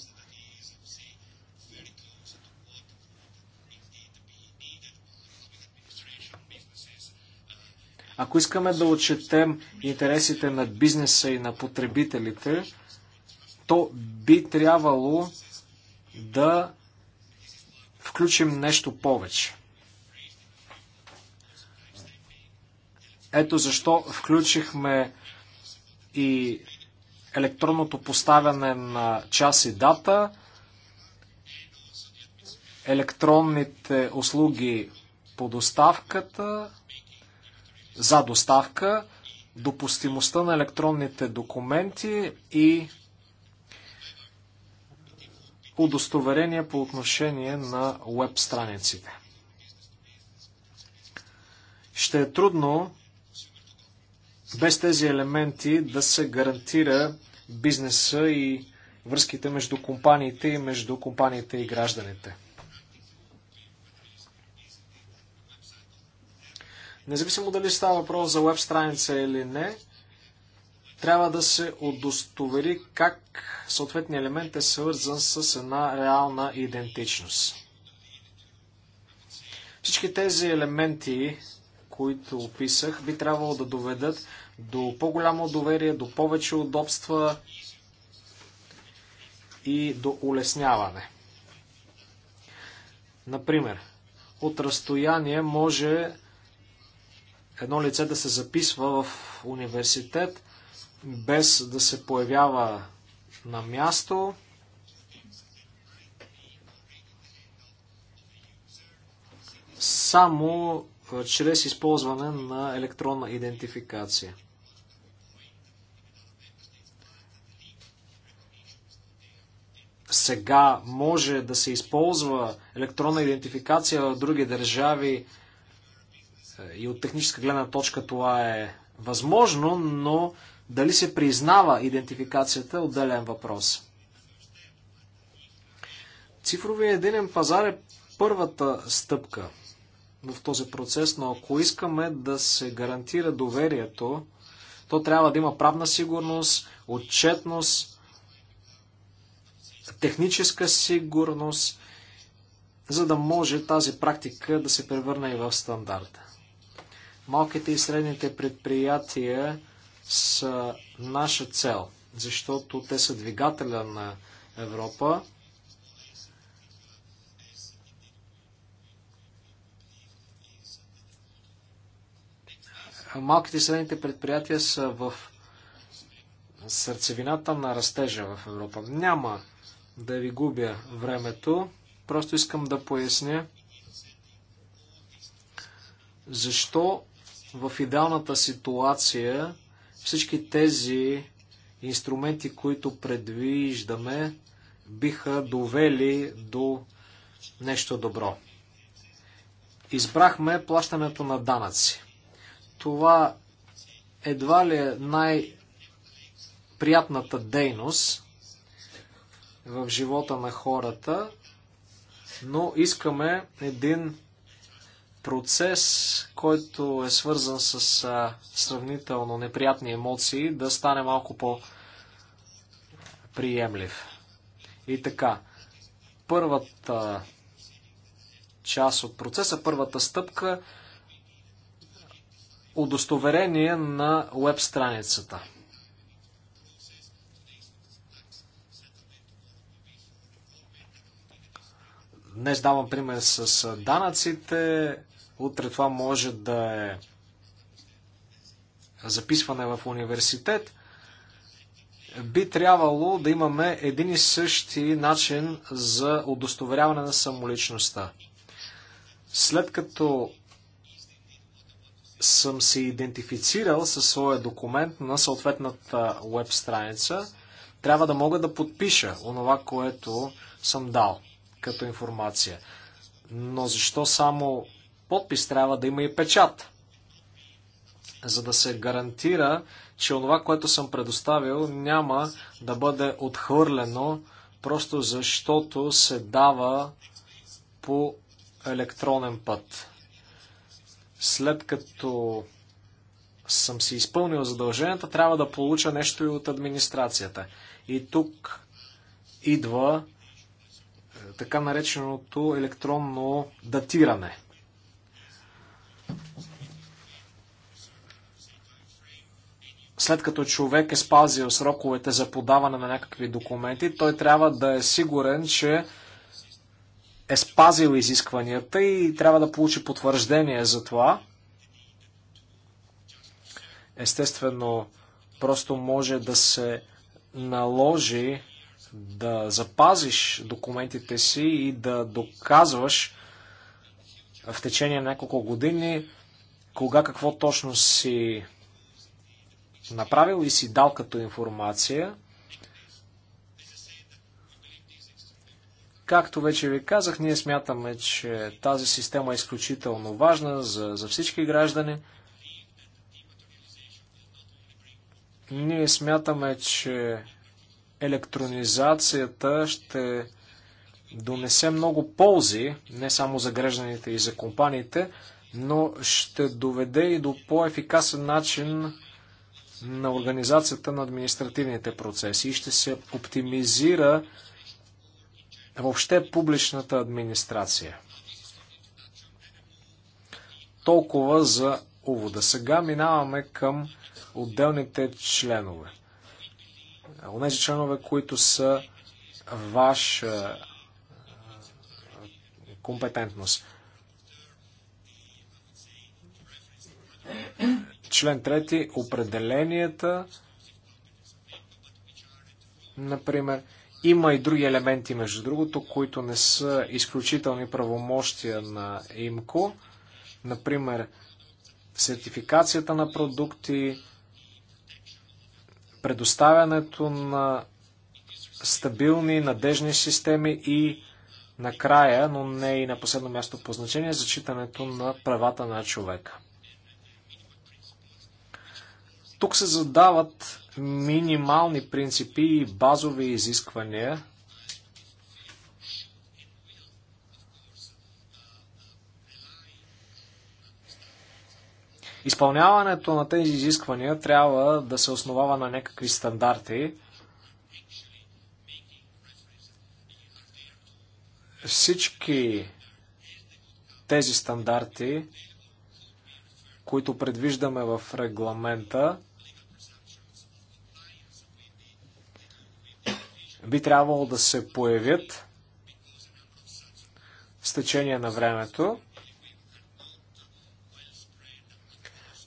Ако искаме да отчетем интересите на бизнеса и на потребителите, то би трябвало да включим нещо повече. Ето защо включихме и електронното поставяне на час и дата, електронните услуги по доставката, за доставка, допустимостта на електронните документи и удостоверения по отношение на веб страниците. Ще е трудно без тези елементи да се гарантира бизнеса и връзките между компаниите и между компаниите и гражданите. Независимо дали става въпрос за веб страница или не, трябва да се удостовери как съответният елемент е свързан с една реална идентичност. Всички тези елементи, които описах, би трябвало да доведат до по-голямо доверие, до повече удобства и до улесняване. Например, от разстояние може едно лице да се записва в университет, без да се появява на място. Само чрез използване на електронна идентификация. Сега може да се използва електронна идентификация в други държави, и от техническа гледна точка това е възможно, но дали се признава идентификацията е отделен въпрос. Цифровия единен пазар е първата стъпка в този процес, но ако искаме да се гарантира доверието, то трябва да има правна сигурност, отчетност, техническа сигурност, за да може тази практика да се превърне и в стандарта. Малките и средните предприятия са наша цел, защото те са двигателя на Европа. Малките и средните предприятия са в сърцевината на растежа в Европа. Няма да ви губя времето, просто искам да поясня защо в идеалната ситуация всички тези инструменти, които предвиждаме, биха довели до нещо добро. Избрахме плащането на данъци. Това едва ли е най-приятната дейност в живота на хората, но искаме един процес, който е свързан с а, сравнително неприятни емоции, да стане малко по-приемлив. И така, първата част от процеса, първата стъпка удостоверение на веб страницата. Днес давам пример с данъците, Утре това може да е записване в университет. Би трябвало да имаме един и същи начин за удостоверяване на самоличността. След като съм се идентифицирал със своя документ на съответната веб страница, трябва да мога да подпиша онова, което съм дал като информация. Но защо само подпис трябва да има и печат, за да се гарантира, че онова, което съм предоставил, няма да бъде отхвърлено, просто защото се дава по електронен път. След като съм си изпълнил задълженията, трябва да получа нещо и от администрацията. И тук идва е, така нареченото електронно датиране след като човек е спазил сроковете за подаване на някакви документи, той трябва да е сигурен, че е спазил изискванията и трябва да получи потвърждение за това. Естествено, просто може да се наложи да запазиш документите си и да доказваш, в течение на няколко години, кога какво точно си направил и си дал като информация. Както вече ви казах, ние смятаме, че тази система е изключително важна за, за всички граждани. Ние смятаме, че електронизацията ще донесе много ползи, не само за гражданите и за компаниите, но ще доведе и до по-ефикасен начин на организацията на административните процеси и ще се оптимизира въобще публичната администрация. Толкова за увода. Сега минаваме към отделните членове. Онези членове, които са ваша компетентност. Член 3. Определенията. Например, има и други елементи, между другото, които не са изключителни правомощия на ИМКО. Например, сертификацията на продукти, предоставянето на стабилни, надежни системи и Накрая, но не и на последно място по значение, зачитането на правата на човека. Тук се задават минимални принципи и базови изисквания Изпълняването на тези изисквания трябва да се основава на някакви стандарти, Всички тези стандарти, които предвиждаме в регламента, би трябвало да се появят с течение на времето,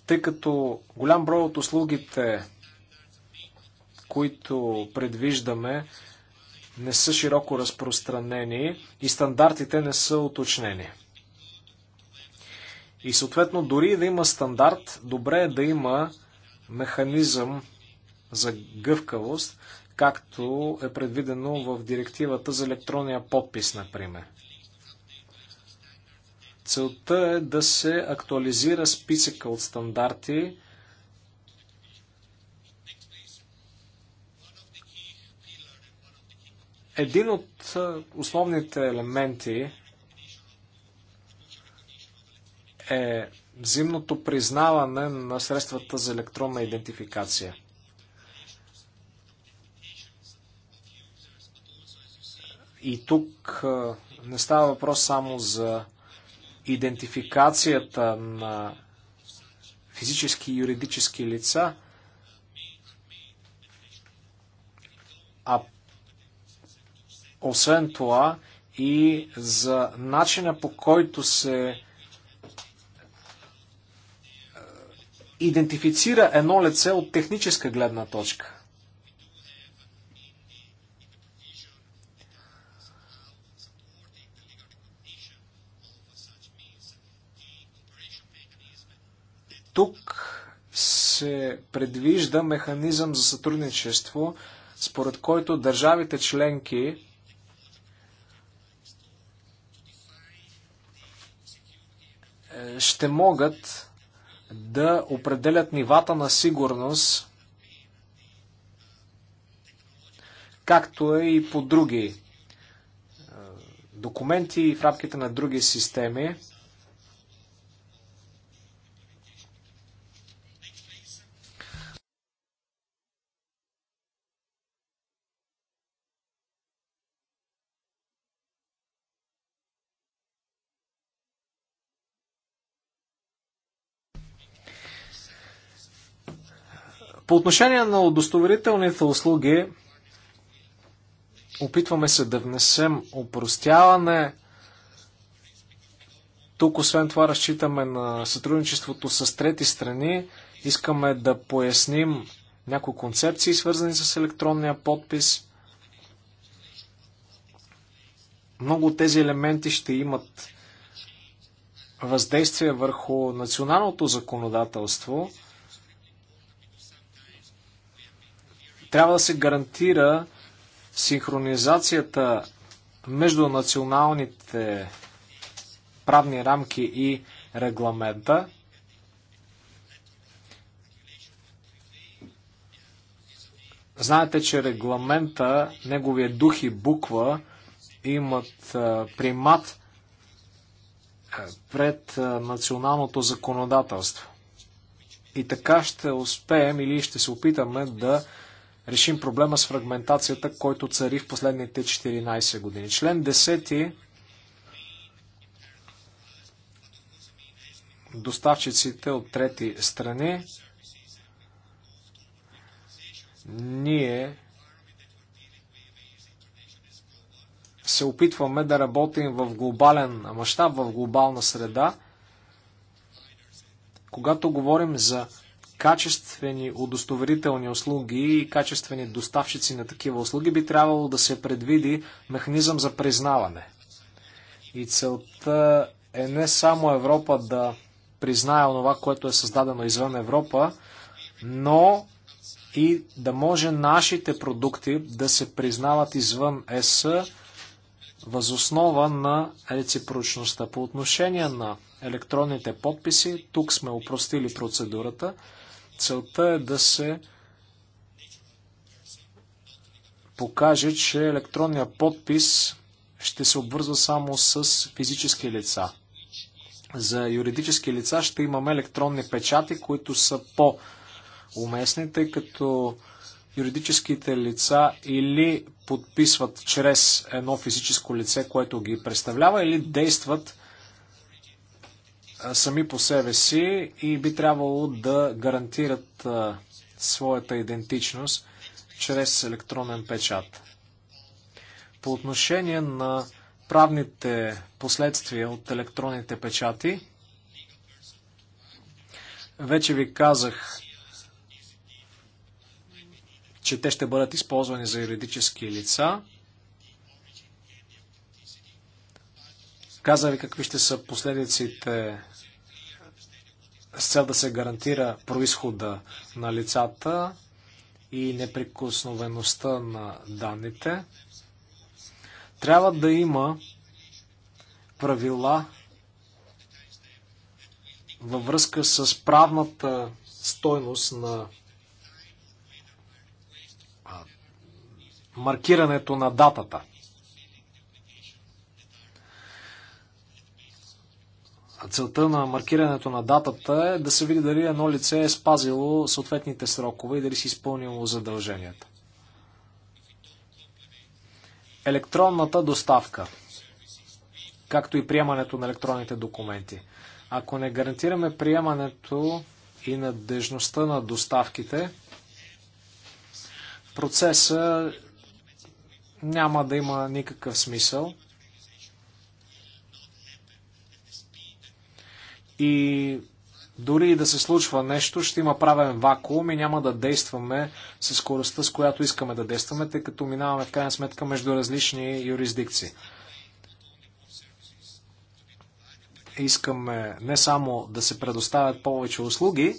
тъй като голям брой от услугите, които предвиждаме, не са широко разпространени и стандартите не са уточнени. И съответно, дори да има стандарт, добре е да има механизъм за гъвкавост, както е предвидено в директивата за електронния подпис, например. Целта е да се актуализира списъка от стандарти, Един от основните елементи е взаимното признаване на средствата за електронна идентификация. И тук не става въпрос само за идентификацията на физически и юридически лица, а освен това и за начина по който се е, идентифицира едно лице от техническа гледна точка. Тук се предвижда механизъм за сътрудничество, според който държавите членки ще могат да определят нивата на сигурност, както е и по други документи в рамките на други системи. По отношение на удостоверителните услуги, опитваме се да внесем упростяване. Тук, освен това, разчитаме на сътрудничеството с трети страни. Искаме да поясним някои концепции, свързани с електронния подпис. Много от тези елементи ще имат въздействие върху националното законодателство. Трябва да се гарантира синхронизацията между националните правни рамки и регламента. Знаете, че регламента, неговия дух и буква имат примат пред националното законодателство. И така ще успеем или ще се опитаме да решим проблема с фрагментацията, който цари в последните 14 години. Член 10 доставчиците от трети страни ние се опитваме да работим в глобален мащаб, в глобална среда. Когато говорим за качествени удостоверителни услуги и качествени доставчици на такива услуги, би трябвало да се предвиди механизъм за признаване. И целта е не само Европа да признае онова, което е създадено извън Европа, но и да може нашите продукти да се признават извън ЕС възоснова на реципрочността. По отношение на електронните подписи, тук сме упростили процедурата. Целта е да се покаже, че електронния подпис ще се обвързва само с физически лица. За юридически лица ще имаме електронни печати, които са по-уместни, тъй като юридическите лица или подписват чрез едно физическо лице, което ги представлява, или действат сами по себе си и би трябвало да гарантират своята идентичност чрез електронен печат. По отношение на правните последствия от електронните печати, вече ви казах, че те ще бъдат използвани за юридически лица. Каза ви какви ще са последиците с цел да се гарантира происхода на лицата и неприкосновеността на данните. Трябва да има правила във връзка с правната стойност на маркирането на датата. Целта на маркирането на датата е да се види дали едно лице е спазило съответните срокове и дали си изпълнило задълженията. Електронната доставка, както и приемането на електронните документи. Ако не гарантираме приемането и надежността на доставките, процеса няма да има никакъв смисъл. и дори и да се случва нещо, ще има правен вакуум и няма да действаме с скоростта, с която искаме да действаме, тъй като минаваме в крайна сметка между различни юрисдикции. Искаме не само да се предоставят повече услуги,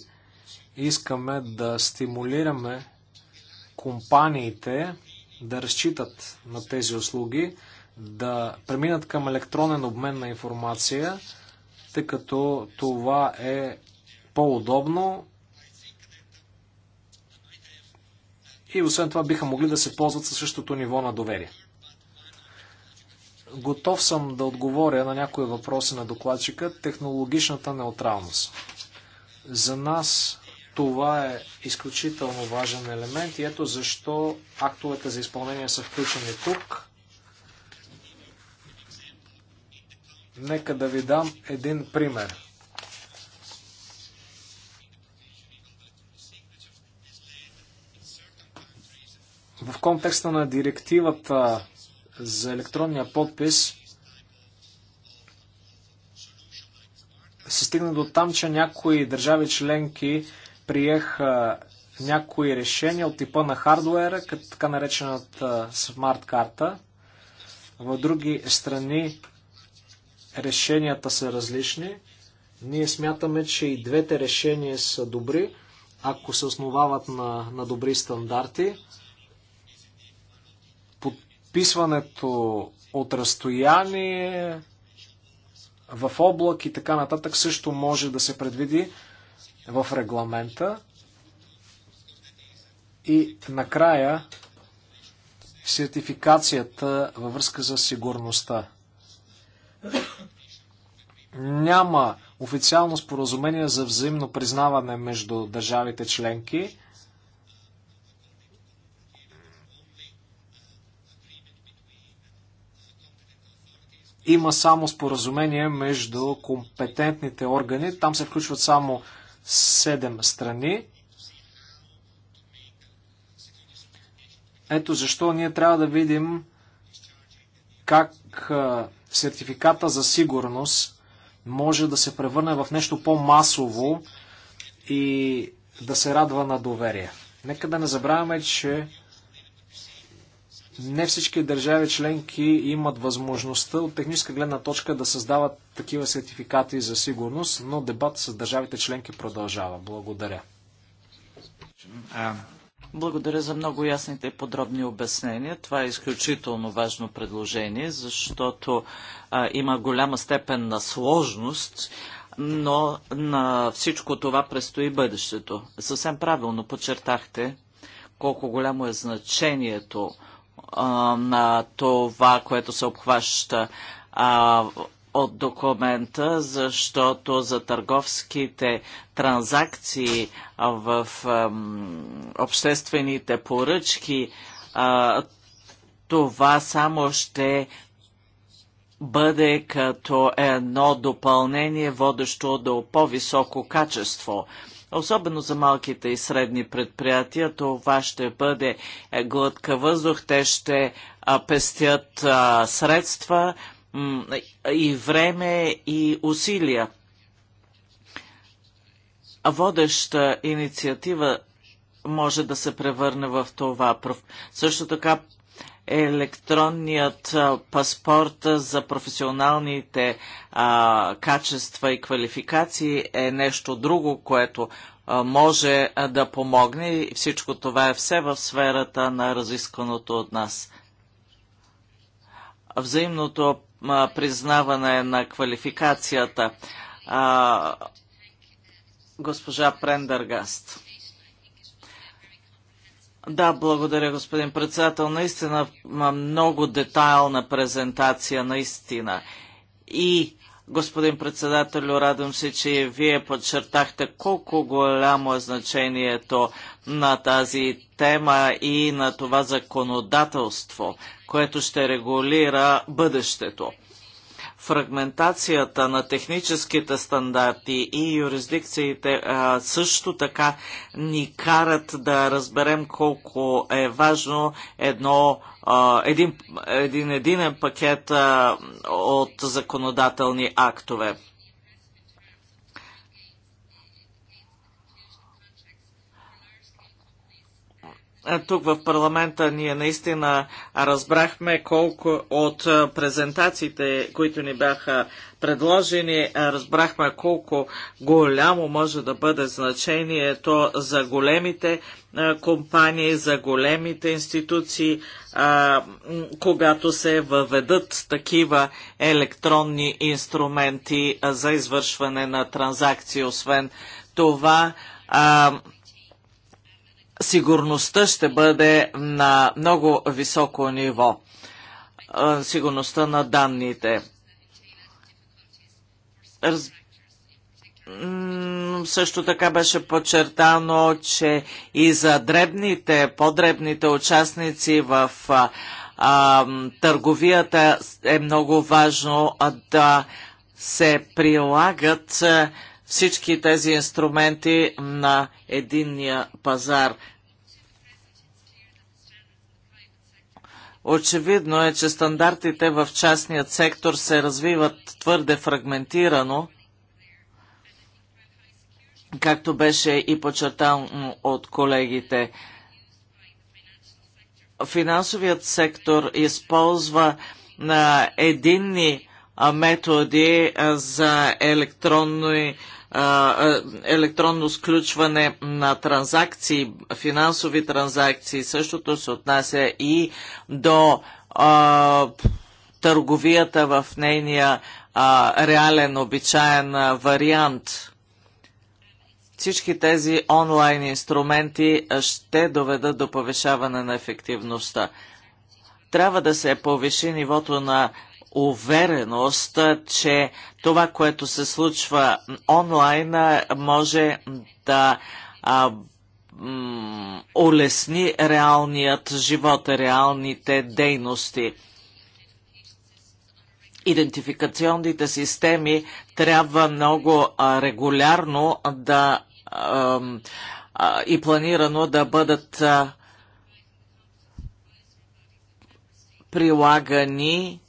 искаме да стимулираме компаниите да разчитат на тези услуги, да преминат към електронен обмен на информация, тъй като това е по-удобно и освен това биха могли да се ползват със същото ниво на доверие. Готов съм да отговоря на някои въпроси на докладчика. Технологичната неутралност. За нас това е изключително важен елемент и ето защо актовете за изпълнение са включени тук. Нека да ви дам един пример. В контекста на директивата за електронния подпис се стигна до там, че някои държави членки приеха някои решения от типа на хардуера, като така наречената смарт карта. В други страни решенията са различни. Ние смятаме, че и двете решения са добри, ако се основават на, на добри стандарти. Подписването от разстояние, в облак и така нататък също може да се предвиди в регламента. И накрая сертификацията във връзка за сигурността няма официално споразумение за взаимно признаване между държавите членки. Има само споразумение между компетентните органи. Там се включват само 7 страни. Ето защо ние трябва да видим как сертификата за сигурност може да се превърне в нещо по-масово и да се радва на доверие. Нека да не забравяме, че не всички държави членки имат възможността от техническа гледна точка да създават такива сертификати за сигурност, но дебат с държавите членки продължава. Благодаря. Um, благодаря за много ясните и подробни обяснения. Това е изключително важно предложение, защото а, има голяма степен на сложност, но на всичко това предстои бъдещето. Съвсем правилно подчертахте колко голямо е значението а, на това, което се обхваща а, от документа, защото за търговските транзакции в обществените поръчки това само ще бъде като едно допълнение, водещо до по-високо качество. Особено за малките и средни предприятия, това ще бъде е, глътка въздух, те ще пестят средства, и време и усилия. Водеща инициатива може да се превърне в това. Също така електронният паспорт за професионалните а, качества и квалификации е нещо друго, което а, може да помогне и всичко това е все в сферата на разисканото от нас. Взаимното признаване на квалификацията. А, госпожа Прендергаст. Да, благодаря, господин председател. Наистина много детайлна презентация, наистина. И Господин председател, радвам се, че вие подчертахте колко голямо е значението на тази тема и на това законодателство, което ще регулира бъдещето фрагментацията на техническите стандарти и юрисдикциите също така ни карат да разберем колко е важно едно, един, един единен пакет от законодателни актове. тук в парламента ние наистина разбрахме колко от презентациите, които ни бяха предложени, разбрахме колко голямо може да бъде значението за големите компании, за големите институции, когато се въведат такива електронни инструменти за извършване на транзакции. Освен това, сигурността ще бъде на много високо ниво. Е, сигурността на данните. Раз... също така беше подчертано, че и за дребните, по-дребните участници в а, а, търговията е много важно да се прилагат всички тези инструменти на единния пазар. Очевидно е, че стандартите в частният сектор се развиват твърде фрагментирано, както беше и подчертано от колегите. Финансовият сектор използва на единни методи за електронни електронно сключване на транзакции, финансови транзакции. Същото се отнася и до търговията в нейния реален, обичаен вариант. Всички тези онлайн инструменти ще доведат до повишаване на ефективността. Трябва да се повиши нивото на увереност, че това, което се случва онлайн, може да а, улесни реалният живот, реалните дейности. Идентификационните системи трябва много а, регулярно да а, а, и планирано да бъдат а, прилагани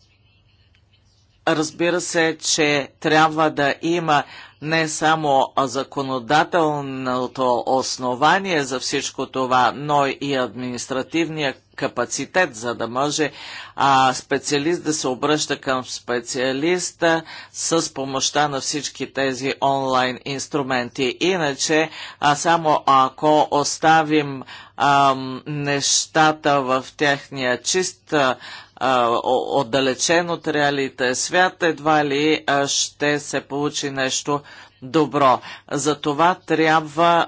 Разбира се, че трябва да има не само законодателното основание за всичко това, но и административния капацитет, за да може а, специалист да се обръща към специалиста с помощта на всички тези онлайн инструменти. Иначе, а само ако оставим а, нещата в техния чист а, отдалечен от реалите свят, едва ли ще се получи нещо добро. За това трябва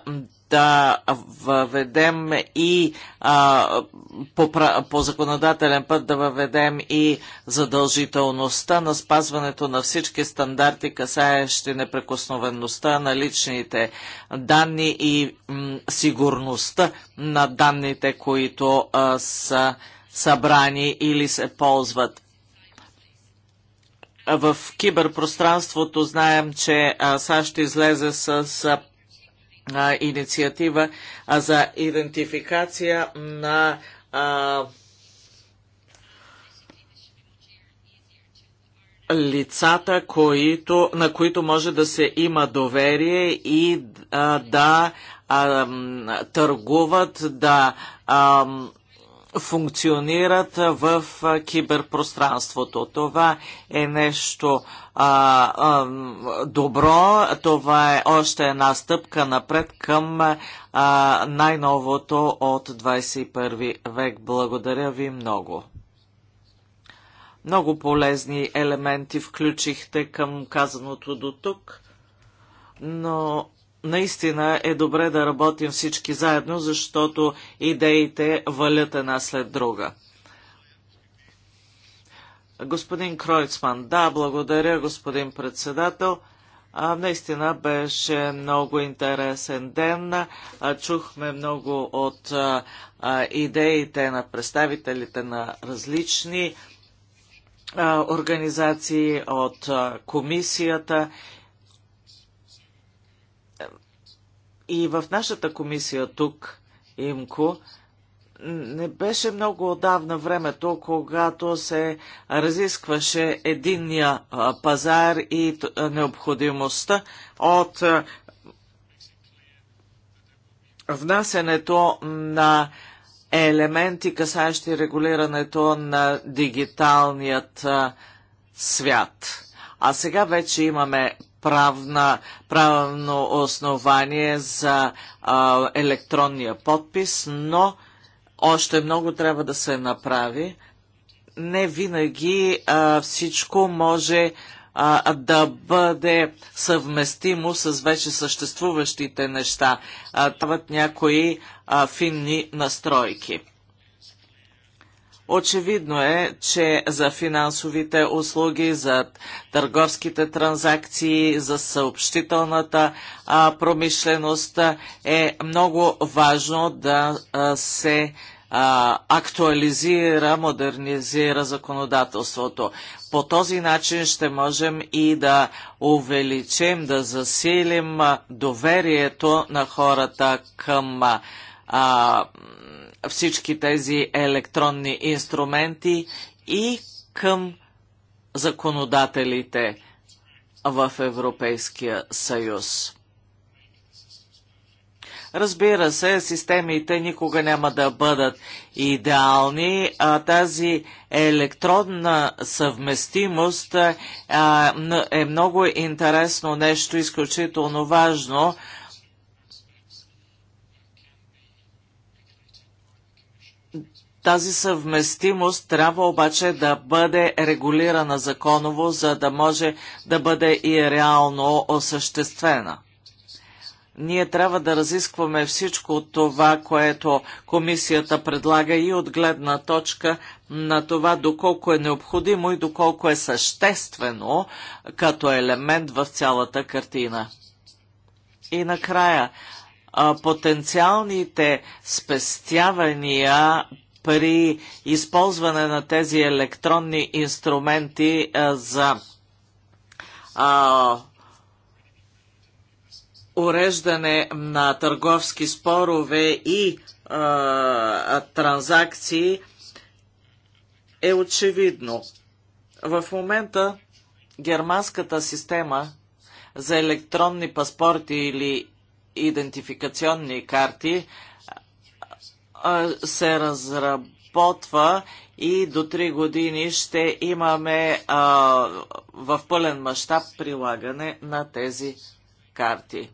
да въведем и а, по, по законодателен път да въведем и задължителността на спазването на всички стандарти, касаещи непрекосновеността на личните данни и м, сигурността на данните, които а, са събрани или се ползват. В киберпространството знаем, че САЩ излезе с инициатива за идентификация на лицата, които, на които може да се има доверие и а, да а, търгуват, да а, функционират в киберпространството. Това е нещо а, а, добро, това е още една стъпка напред към най-новото от 21 век. Благодаря ви много. Много полезни елементи включихте към казаното до тук, но наистина е добре да работим всички заедно, защото идеите валят една след друга. Господин Кройцман, да, благодаря, господин председател. А, наистина беше много интересен ден. А, чухме много от а, идеите на представителите на различни а, организации, от а, комисията И в нашата комисия тук, ИМКО, не беше много отдавна времето, когато се разискваше единния пазар и необходимостта от внасенето на елементи, касаещи регулирането на дигиталният свят. А сега вече имаме правна, правно основание за а, електронния подпис, но още много трябва да се направи. Не винаги а, всичко може а, да бъде съвместимо с вече съществуващите неща. А, някои а, финни настройки. Очевидно е, че за финансовите услуги, за търговските транзакции, за съобщителната промишленост е много важно да се актуализира, модернизира законодателството. По този начин ще можем и да увеличим, да засилим доверието на хората към а, всички тези електронни инструменти и към законодателите в Европейския съюз. Разбира се, системите никога няма да бъдат идеални, а тази електронна съвместимост е много интересно нещо, изключително важно, Тази съвместимост трябва обаче да бъде регулирана законово, за да може да бъде и реално осъществена. Ние трябва да разискваме всичко това, което комисията предлага и от гледна точка на това доколко е необходимо и доколко е съществено като елемент в цялата картина. И накрая, потенциалните спестявания при използване на тези електронни инструменти за а, уреждане на търговски спорове и а, транзакции е очевидно. В момента германската система за електронни паспорти или идентификационни карти се разработва и до 3 години ще имаме в пълен мащаб прилагане на тези карти.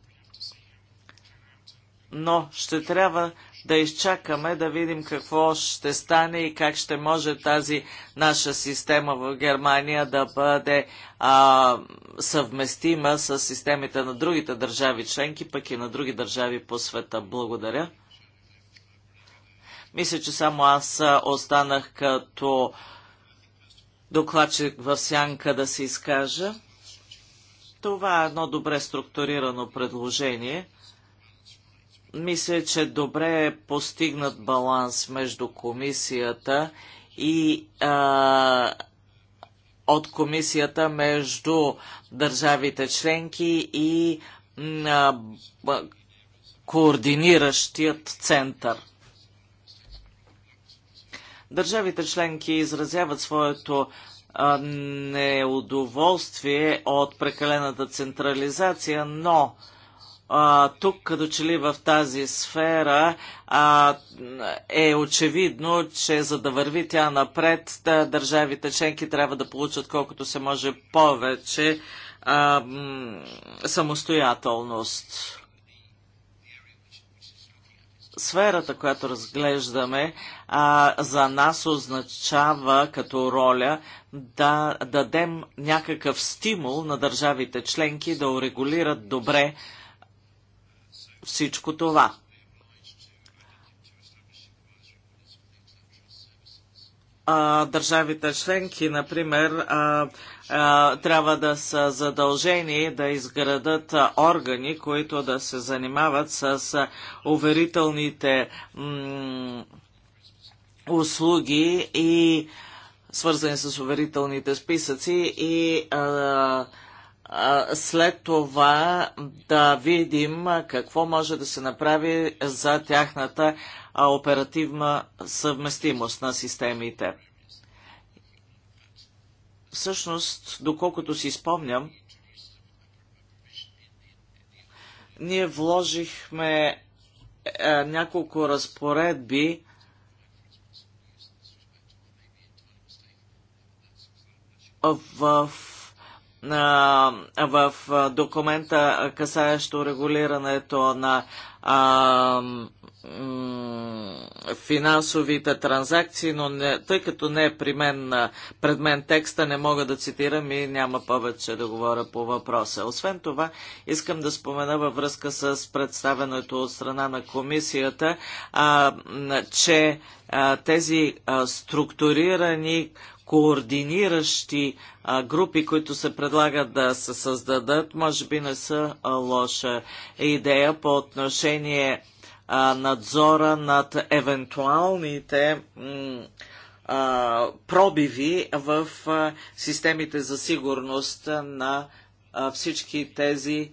Но ще трябва да изчакаме да видим какво ще стане и как ще може тази наша система в Германия да бъде а, съвместима с системите на другите държави членки, пък и на други държави по света. Благодаря. Мисля, че само аз останах като докладчик в сянка да се изкажа. Това е едно добре структурирано предложение. Мисля, че добре е постигнат баланс между комисията и а, от комисията между държавите членки и а, координиращият център. Държавите членки изразяват своето неудоволствие от прекалената централизация, но а, тук, като че ли в тази сфера, а, е очевидно, че за да върви тя напред, да, държавите членки трябва да получат колкото се може повече а, самостоятелност сферата, която разглеждаме, а, за нас означава като роля да дадем някакъв стимул на държавите членки да урегулират добре всичко това. А, държавите членки, например, а, трябва да са задължени да изградат органи, които да се занимават с уверителните услуги и свързани с уверителните списъци и а, след това да видим какво може да се направи за тяхната оперативна съвместимост на системите. Всъщност, доколкото си спомням, ние вложихме е, няколко разпоредби, в, в документа, касаещо регулирането на финансовите транзакции, но не, тъй като не е при мен, пред мен текста, не мога да цитирам и няма повече да говоря по въпроса. Освен това, искам да спомена във връзка с представенето от страна на комисията, а, че а, тези а, структурирани координиращи а, групи, които се предлагат да се създадат, може би не са а, лоша идея по отношение а, надзора над евентуалните а, пробиви в а, системите за сигурност на а, всички тези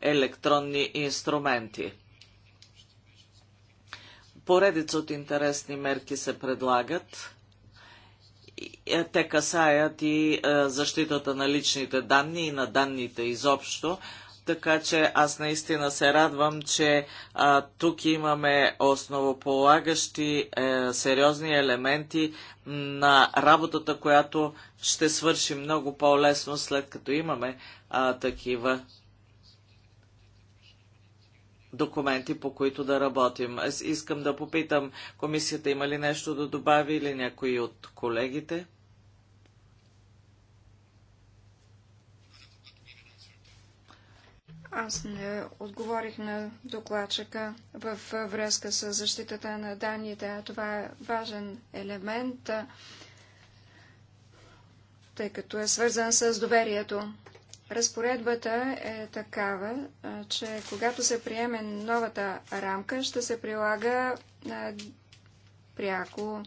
електронни инструменти. Поредица от интересни мерки се предлагат. Е, те касаят и е, защитата на личните данни и на данните изобщо, така че аз наистина се радвам, че а, тук имаме основополагащи е, сериозни елементи на работата, която ще свърши много по-лесно след като имаме а, такива документи, по които да работим. Аз искам да попитам комисията има ли нещо да добави или някои от колегите. Аз не отговорих на докладчика в връзка с защитата на данните, а това е важен елемент, тъй като е свързан с доверието. Разпоредбата е такава, че когато се приеме новата рамка, ще се прилага пряко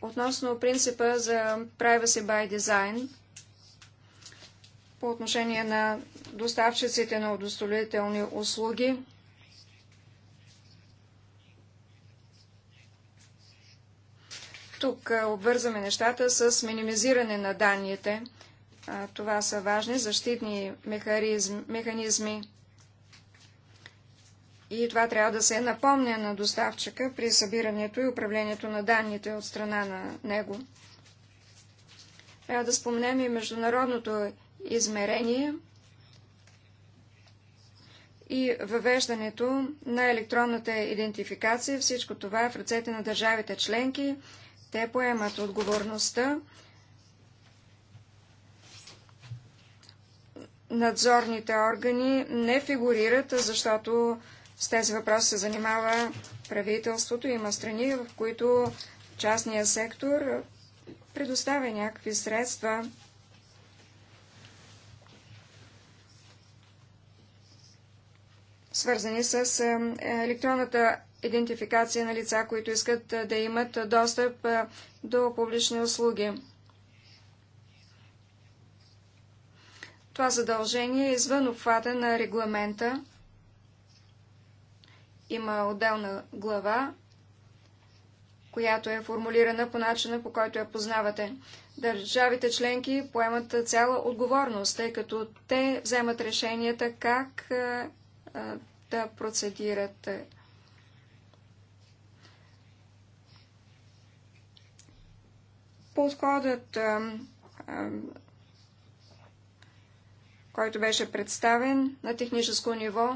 Относно принципа за privacy by design, по отношение на доставчиците на удостоверителни услуги, Тук обвързваме нещата с минимизиране на данните. Това са важни защитни механизми. И това трябва да се напомня на доставчика при събирането и управлението на данните от страна на него. Трябва да споменем и международното измерение и въвеждането на електронната идентификация. Всичко това е в ръцете на държавите членки. Те поемат отговорността. Надзорните органи не фигурират, защото с тези въпроси се занимава правителството. Има страни, в които частния сектор предоставя някакви средства. свързани с е, електронната идентификация на лица, които искат е, да имат достъп е, до публични услуги. Това задължение е извън обхвата на регламента. Има отделна глава, която е формулирана по начина, по който я познавате. Държавите членки поемат цяла отговорност, тъй като те вземат решенията как да процедират. Подходът, който беше представен на техническо ниво,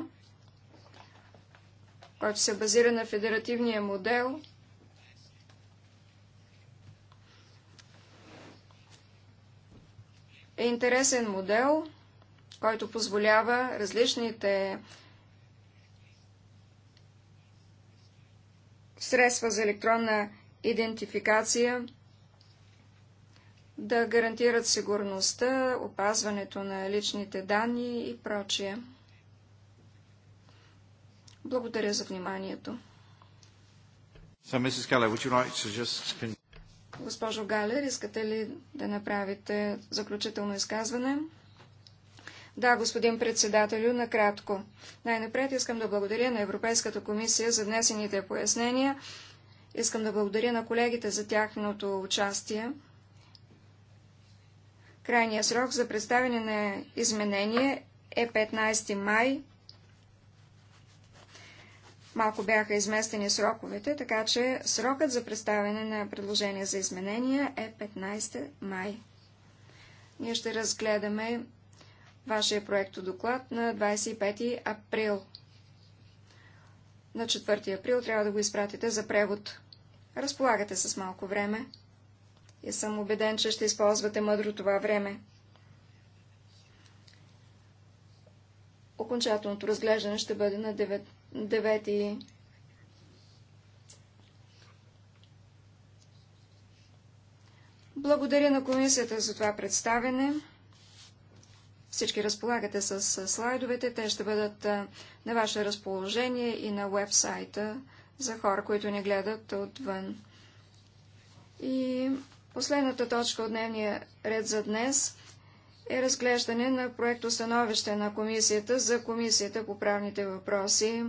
който се базира на федеративния модел. Е интересен модел, който позволява различните средства за електронна идентификация да гарантират сигурността, опазването на личните данни и прочие. Благодаря за вниманието. Госпожо Галер, искате ли да направите заключително изказване? Да, господин председателю, накратко. Най-напред искам да благодаря на Европейската комисия за внесените пояснения. Искам да благодаря на колегите за тяхното участие. Крайният срок за представяне на изменение е 15 май Малко бяха изместени сроковете, така че срокът за представяне на предложения за изменения е 15 май. Ние ще разгледаме вашия проектодоклад на 25 април. На 4 април трябва да го изпратите за превод. Разполагате с малко време и съм убеден, че ще използвате мъдро това време. Окончателното разглеждане ще бъде на 9 девети Благодаря на комисията за това представене. Всички разполагате с слайдовете. Те ще бъдат на ваше разположение и на вебсайта за хора, които ни гледат отвън. И последната точка от дневния ред за днес е разглеждане на проекто становище на комисията за комисията по правните въпроси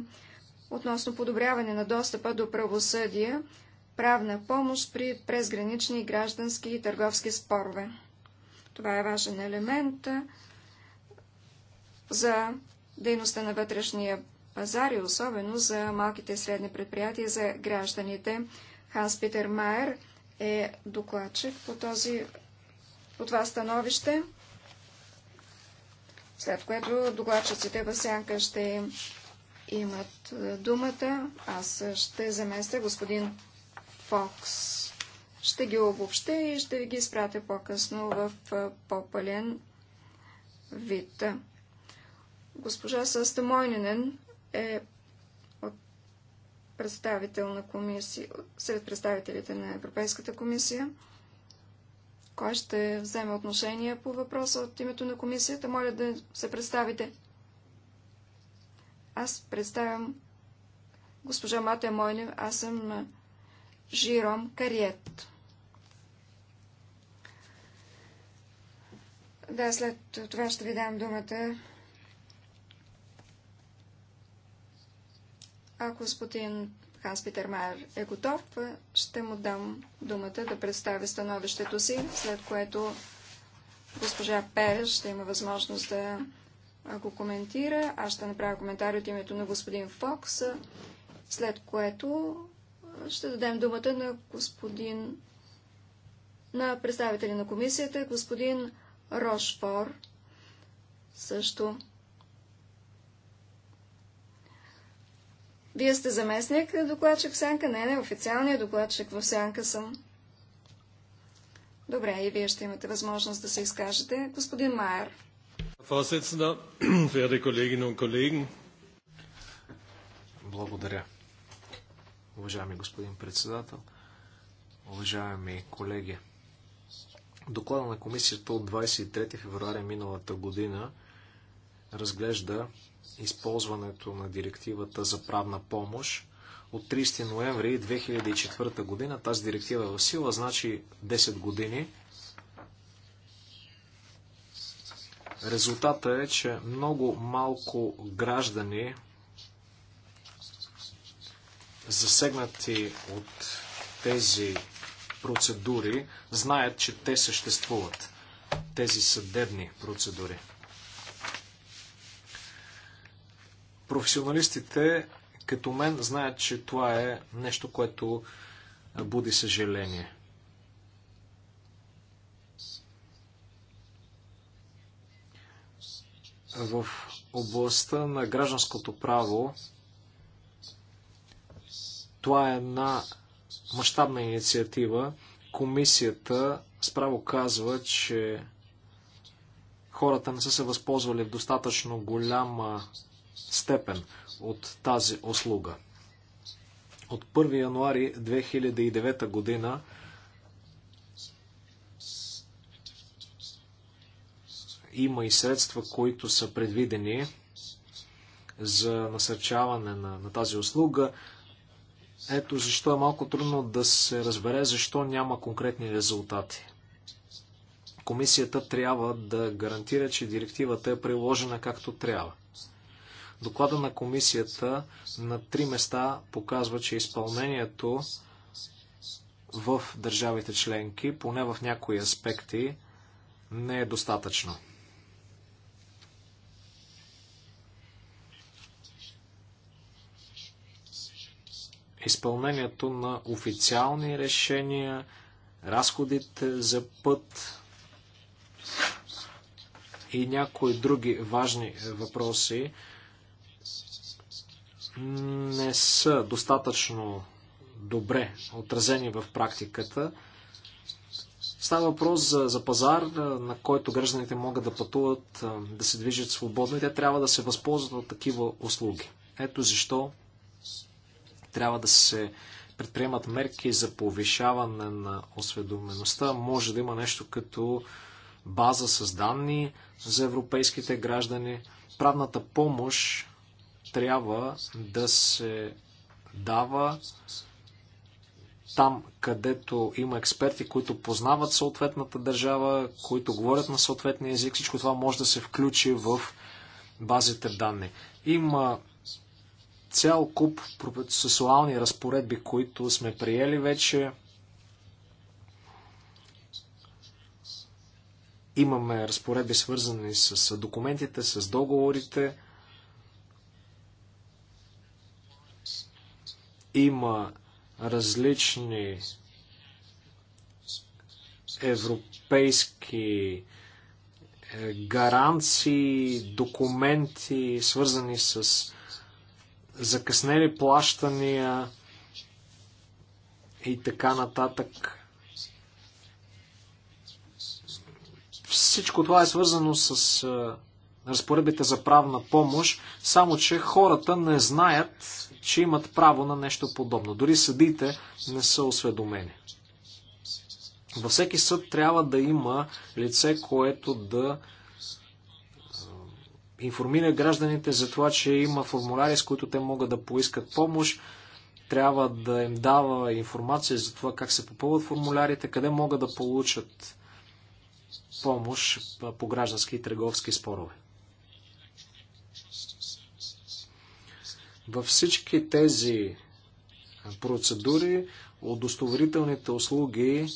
относно подобряване на достъпа до правосъдие, правна помощ при презгранични граждански и търговски спорове. Това е важен елемент за дейността на вътрешния пазар и особено за малките и средни предприятия за гражданите. Ханс Питер Майер е докладчик по, този, по това становище след което докладчиците в сянка ще имат е, думата. Аз ще заместя господин Фокс. Ще ги обобща и ще ви ги изпратя по-късно в е, по-пълен вид. Госпожа Състамойнинен е от представител на комисия, сред представителите на Европейската комисия. Кой ще вземе отношение по въпроса от името на комисията? Моля да се представите. Аз представям госпожа Матя Мойнев. Аз съм Жиром Кариет. Да, след това ще ви дам думата. Ако господин Ханс Питер Майер е готов, ще му дам думата да представи становището си, след което госпожа Перес ще има възможност да го коментира. Аз ще направя коментари от името на господин Фокс, след което ще дадем думата на господин на представители на комисията, господин Рошфор също Вие сте заместник докладчик в сянка? Не, не, официалният докладчик в сянка съм. Добре, и вие ще имате възможност да се изкажете. Господин Майер. колеги колеги. Благодаря. Уважаеми господин председател, уважаеми колеги, доклада на комисията от 23 февруаря миналата година разглежда използването на директивата за правна помощ. От 30 ноември 2004 година тази директива е в сила, значи 10 години. Резултата е, че много малко граждани, засегнати от тези процедури, знаят, че те съществуват. Тези съдебни процедури. Професионалистите, като мен, знаят, че това е нещо, което буди съжаление. В областта на гражданското право това е една мащабна инициатива. Комисията справо казва, че хората не са се възползвали в достатъчно голяма степен от тази услуга. От 1 януари 2009 година има и средства, които са предвидени за насърчаване на, на тази услуга. Ето защо е малко трудно да се разбере защо няма конкретни резултати. Комисията трябва да гарантира, че директивата е приложена както трябва. Доклада на комисията на три места показва, че изпълнението в държавите членки, поне в някои аспекти, не е достатъчно. Изпълнението на официални решения, разходите за път и някои други важни въпроси не са достатъчно добре отразени в практиката. Става въпрос за, за пазар, на който гражданите могат да пътуват, да се движат свободно и те трябва да се възползват от такива услуги. Ето защо трябва да се предприемат мерки за повишаване на осведомеността. Може да има нещо като база с данни за европейските граждани. Правната помощ трябва да се дава там, където има експерти, които познават съответната държава, които говорят на съответния език, всичко това може да се включи в базите данни. Има цял куп процесуални разпоредби, които сме приели вече. Имаме разпоредби свързани с документите, с договорите. Има различни европейски е, гаранции, документи, свързани с закъснели плащания и така нататък. Всичко това е свързано с е, разпоредбите за правна помощ, само че хората не знаят че имат право на нещо подобно. Дори съдиите не са осведомени. Във всеки съд трябва да има лице, което да информира гражданите за това, че има формуляри, с които те могат да поискат помощ. Трябва да им дава информация за това как се попълват формулярите, къде могат да получат помощ по граждански и търговски спорове. Във всички тези процедури удостоверителните услуги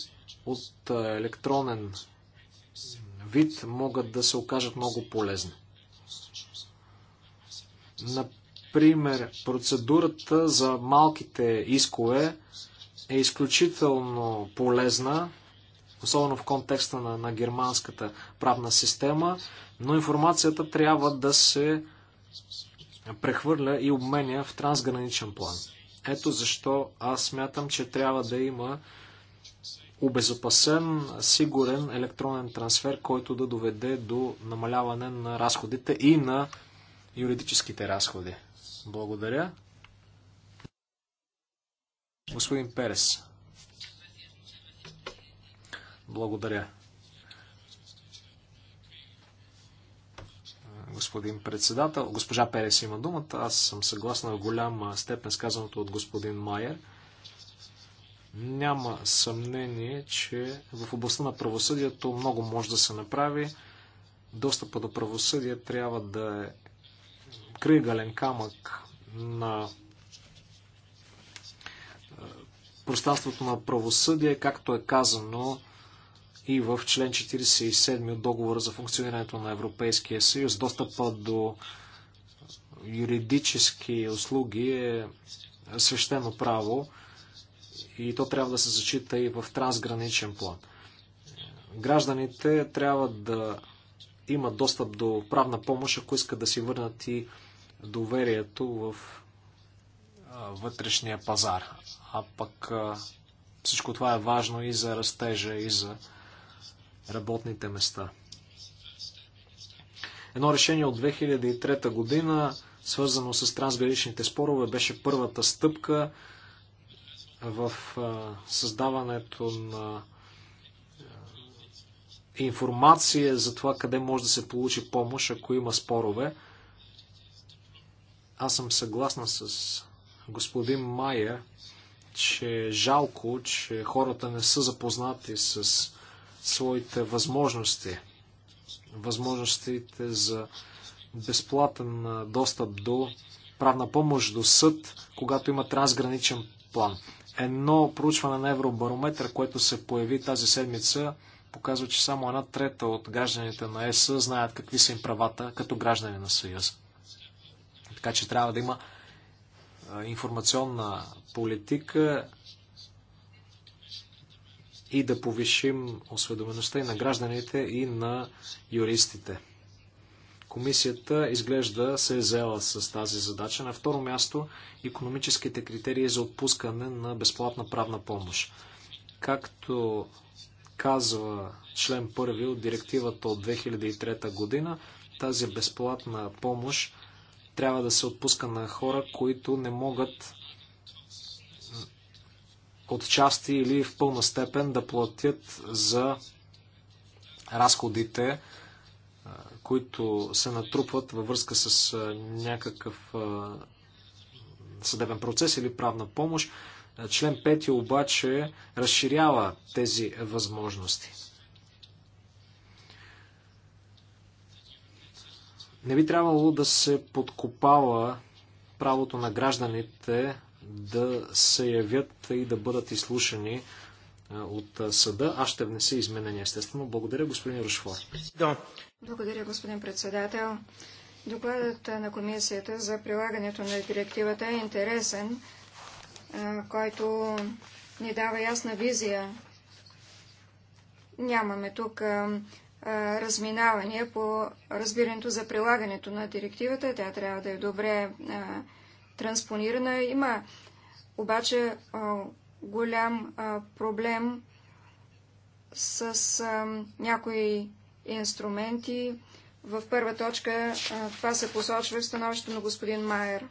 от електронен вид могат да се окажат много полезни. Например, процедурата за малките искове е изключително полезна, особено в контекста на, на германската правна система, но информацията трябва да се прехвърля и обменя в трансграничен план. Ето защо аз смятам, че трябва да има обезопасен, сигурен електронен трансфер, който да доведе до намаляване на разходите и на юридическите разходи. Благодаря. Господин Перес. Благодаря. господин председател. Госпожа Перес има думата. Аз съм съгласна в голяма степен с казаното от господин Майер. Няма съмнение, че в областта на правосъдието много може да се направи. Достъпа до правосъдие трябва да е кръгален камък на е, пространството на правосъдие, както е казано и в член 47 от договора за функционирането на Европейския съюз. Достъпа до юридически услуги е свещено право и то трябва да се зачита и в трансграничен план. Гражданите трябва да имат достъп до правна помощ, ако искат да си върнат и доверието в вътрешния пазар. А пък всичко това е важно и за растежа, и за работните места. Едно решение от 2003 година, свързано с трансграничните спорове, беше първата стъпка в създаването на информация за това къде може да се получи помощ, ако има спорове. Аз съм съгласна с господин Майер, че е жалко, че хората не са запознати с своите възможности, възможностите за безплатен достъп до правна помощ, до съд, когато има трансграничен план. Едно проучване на Евробарометър, което се появи тази седмица, показва, че само една трета от гражданите на ЕС знаят какви са им правата като граждани на Съюз. Така че трябва да има информационна политика и да повишим осведомеността и на гражданите, и на юристите. Комисията изглежда се е взела с тази задача. На второ място, економическите критерии за отпускане на безплатна правна помощ. Както казва член 1 от директивата от 2003 година, тази безплатна помощ трябва да се отпуска на хора, които не могат отчасти или в пълна степен да платят за разходите, които се натрупват във връзка с някакъв съдебен процес или правна помощ. Член 5 обаче разширява тези възможности. Не би трябвало да се подкопава правото на гражданите да се явят и да бъдат изслушани от съда. Аз ще внеса изменения, естествено. Благодаря, господин Рушфор. Благодаря, господин председател. Докладът на комисията за прилагането на директивата е интересен, който ни дава ясна визия. Нямаме тук разминавания по разбирането за прилагането на директивата. Тя трябва да е добре транспонирана. Има обаче голям проблем с някои инструменти. В първа точка това се посочва в становището на господин Майер.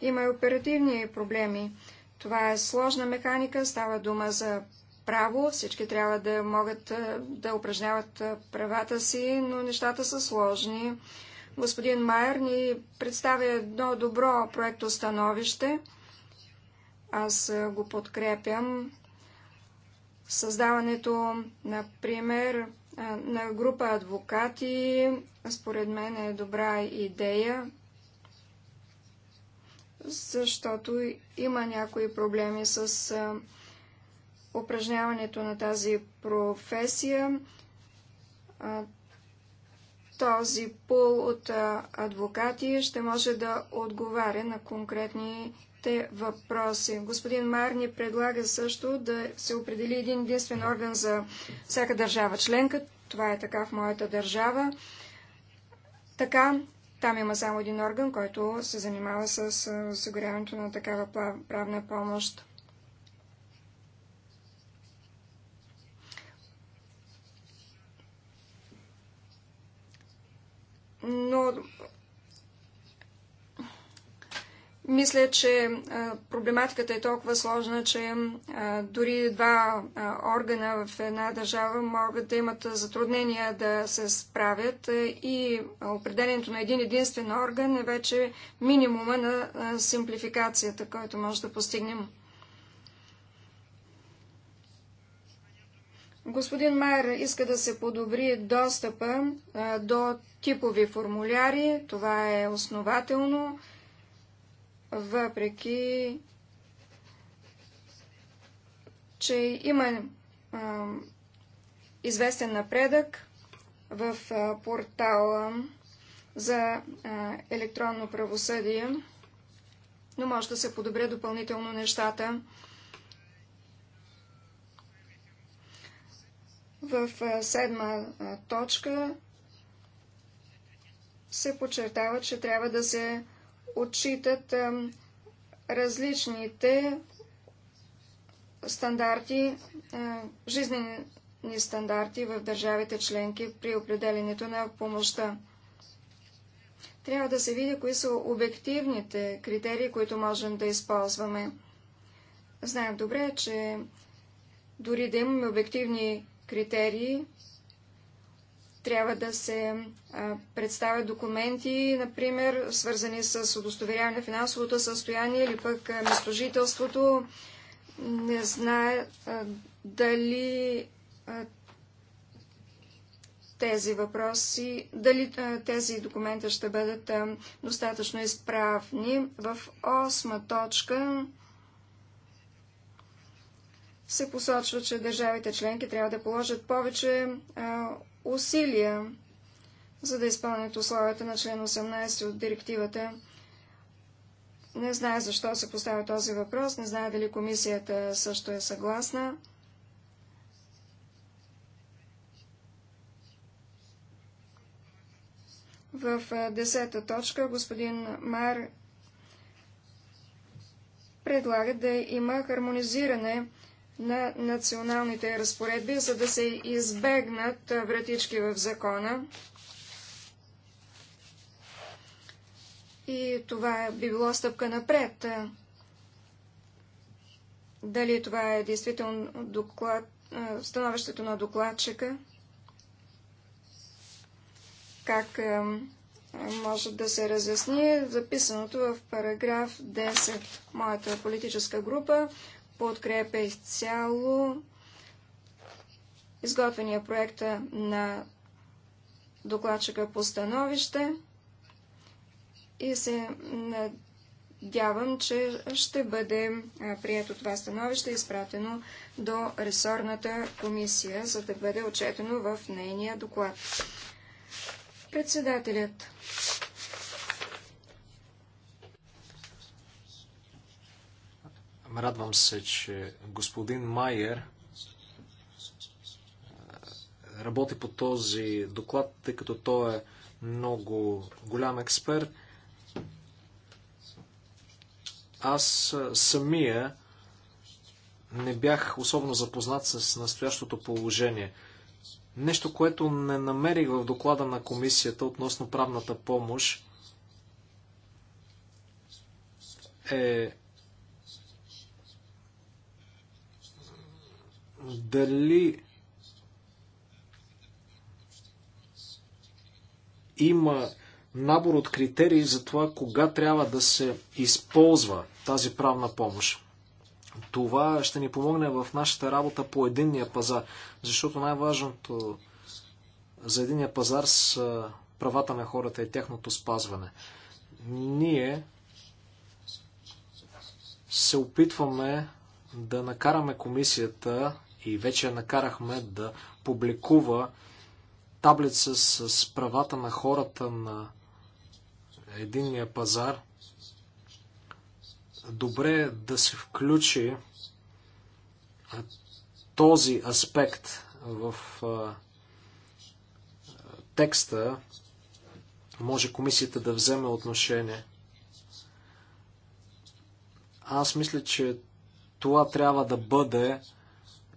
Има и оперативни проблеми. Това е сложна механика, става дума за право, всички трябва да могат да упражняват правата си, но нещата са сложни. Господин Майер ни представя едно добро проекто становище. Аз го подкрепям. Създаването, например, на група адвокати, според мен е добра идея, защото има някои проблеми с упражняването на тази професия този пул от адвокати ще може да отговаря на конкретните въпроси. Господин Марни предлага също да се определи един единствен орган за всяка държава членка. Това е така в моята държава. Така, там има само един орган, който се занимава с осигуряването на такава правна помощ. но мисля, че проблематиката е толкова сложна, че дори два органа в една държава могат да имат затруднения да се справят и определенето на един единствен орган е вече минимума на симплификацията, който може да постигнем. Господин Майер иска да се подобри достъпа а, до типови формуляри. Това е основателно, въпреки че има а, известен напредък в а, портала за електронно правосъдие, но може да се подобре допълнително нещата. В седма точка се подчертава, че трябва да се отчитат различните стандарти, жизнени стандарти в държавите членки при определенето на помощта. Трябва да се види кои са обективните критерии, които можем да използваме. Знаем добре, че дори да имаме обективни критерии. Трябва да се представят документи, например, свързани с удостоверяване на финансовото състояние или пък местожителството. Не знае дали тези въпроси, дали тези документи ще бъдат достатъчно изправни. В осма точка се посочва, че държавите членки трябва да положат повече а, усилия, за да изпълнят условията на член 18 от директивата. Не знае защо се поставя този въпрос, не знае дали комисията също е съгласна. В десета точка господин Мар предлага да има хармонизиране на националните разпоредби, за да се избегнат вратички в закона. И това би било стъпка напред. Дали това е действително доклад, становището на докладчика? Как може да се разясни записаното в параграф 10. Моята политическа група подкрепя изцяло изготвения проекта на докладчика по становище и се надявам, че ще бъде прието това становище, изпратено до ресорната комисия, за да бъде отчетено в нейния доклад. Председателят Радвам се, че господин Майер работи по този доклад, тъй като той е много голям експерт. Аз самия не бях особено запознат с настоящото положение. Нещо, което не намерих в доклада на комисията относно правната помощ е дали има набор от критерии за това кога трябва да се използва тази правна помощ. Това ще ни помогне в нашата работа по единния пазар, защото най-важното за единния пазар са правата на хората и тяхното спазване. Ние се опитваме да накараме комисията и вече накарахме да публикува таблица с, правата на хората на единния пазар. Добре е да се включи този аспект в текста, може комисията да вземе отношение. Аз мисля, че това трябва да бъде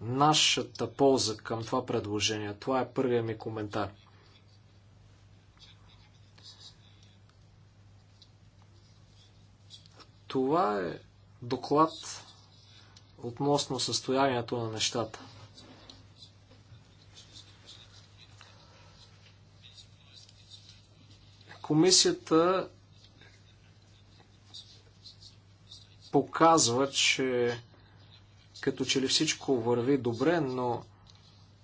нашата полза към това предложение. Това е първия ми коментар. Това е доклад относно състоянието на нещата. Комисията показва, че като че ли всичко върви добре, но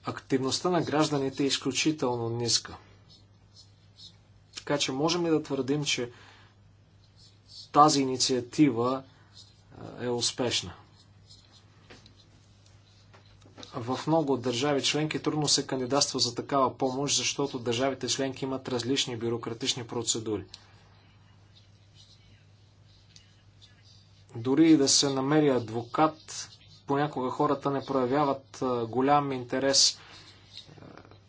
активността на гражданите е изключително ниска. Така че можем ли да твърдим, че тази инициатива е успешна? В много държави членки трудно се кандидатства за такава помощ, защото държавите членки имат различни бюрократични процедури. Дори и да се намери адвокат, понякога хората не проявяват голям интерес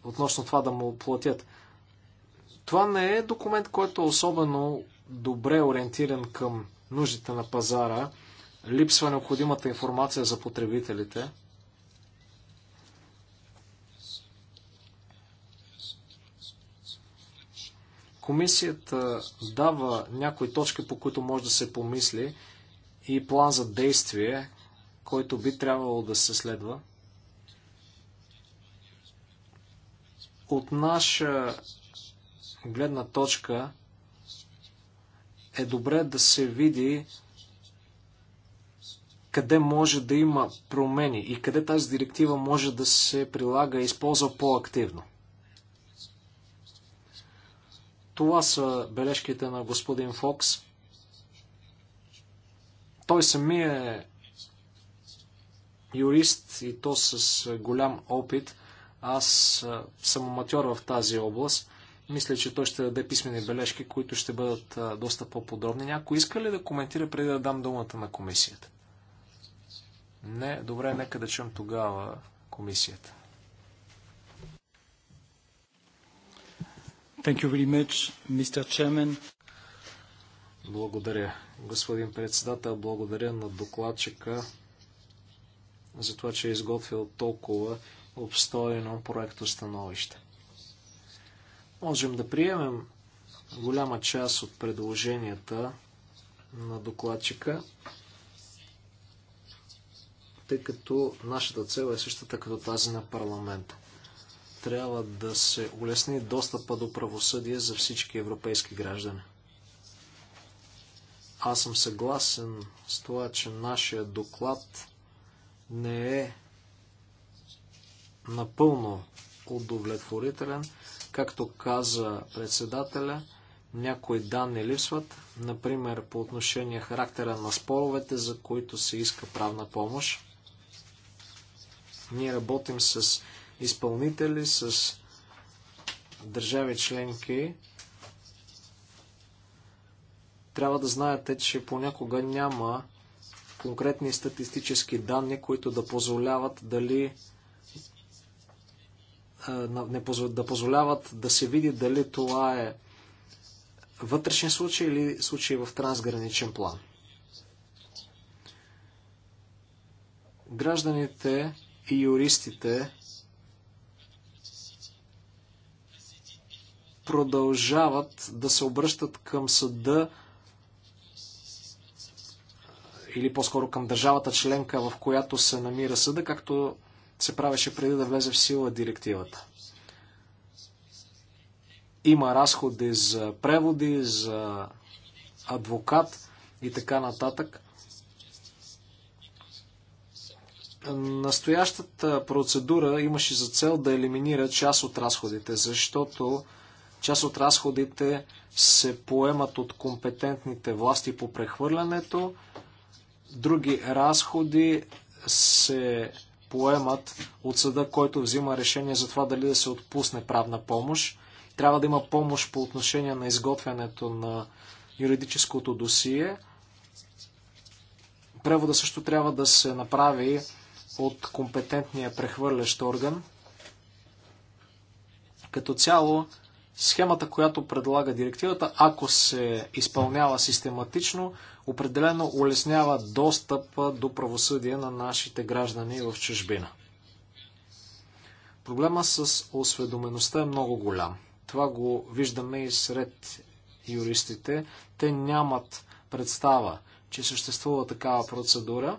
относно това да му платят. Това не е документ, който е особено добре ориентиран към нуждите на пазара, липсва необходимата информация за потребителите. Комисията дава някои точки, по които може да се помисли и план за действие, който би трябвало да се следва. От наша гледна точка е добре да се види къде може да има промени и къде тази директива може да се прилага и използва по-активно. Това са бележките на господин Фокс. Той самия е юрист и то с голям опит. Аз съм аматьор в тази област. Мисля, че той ще даде писмени бележки, които ще бъдат доста по-подробни. Някой иска ли да коментира преди да дам думата на комисията? Не, добре, нека да чуем тогава комисията. Thank you very much, Mr. Chairman. Благодаря, господин председател. Благодаря на докладчика за това, че е изготвил толкова обстойно проекто становище. Можем да приемем голяма част от предложенията на докладчика, тъй като нашата цел е същата като тази на парламента. Трябва да се улесни достъпа до правосъдие за всички европейски граждани. Аз съм съгласен с това, че нашия доклад не е напълно удовлетворителен. Както каза председателя, някои данни липсват, например по отношение характера на споровете, за които се иска правна помощ. Ние работим с изпълнители, с държави членки. Трябва да знаете, че понякога няма конкретни статистически данни, които да позволяват дали да позволяват да се види дали това е вътрешен случай или случай в трансграничен план. Гражданите и юристите продължават да се обръщат към съда или по-скоро към държавата членка, в която се намира съда, както се правеше преди да влезе в сила директивата. Има разходи за преводи, за адвокат и така нататък. Настоящата процедура имаше за цел да елиминира част от разходите, защото част от разходите се поемат от компетентните власти по прехвърлянето, други разходи се поемат от съда, който взима решение за това дали да се отпусне правна помощ. Трябва да има помощ по отношение на изготвянето на юридическото досие. Превода също трябва да се направи от компетентния прехвърлящ орган. Като цяло, Схемата, която предлага директивата, ако се изпълнява систематично, определено улеснява достъп до правосъдие на нашите граждани в чужбина. Проблема с осведомеността е много голям. Това го виждаме и сред юристите. Те нямат представа, че съществува такава процедура.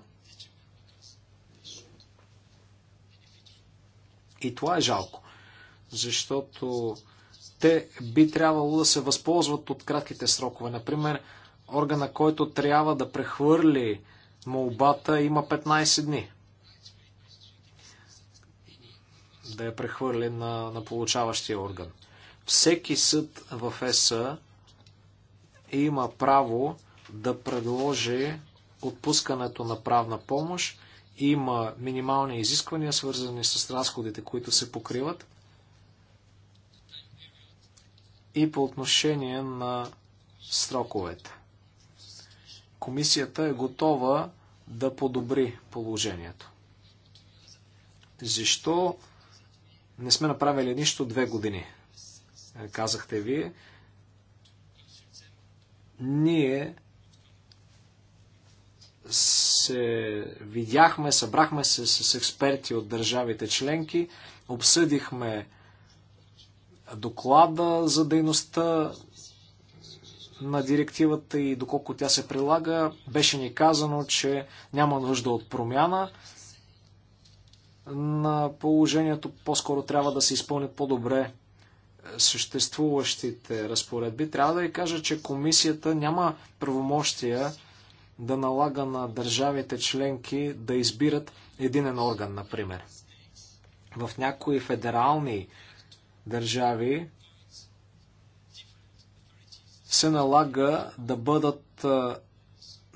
И това е жалко, защото те би трябвало да се възползват от кратките срокове. Например, органа, който трябва да прехвърли молбата, има 15 дни да я прехвърли на, на получаващия орган. Всеки съд в ЕСА има право да предложи отпускането на правна помощ. Има минимални изисквания, свързани с разходите, които се покриват и по отношение на сроковете. Комисията е готова да подобри положението. Защо не сме направили нищо две години? Е, казахте вие. Ние се видяхме, събрахме се с експерти от държавите членки, обсъдихме доклада за дейността на директивата и доколко тя се прилага, беше ни казано, че няма нужда от промяна на положението. По-скоро трябва да се изпълнят по-добре съществуващите разпоредби. Трябва да ви кажа, че комисията няма правомощия да налага на държавите членки да избират единен орган, например. В някои федерални държави се налага да бъдат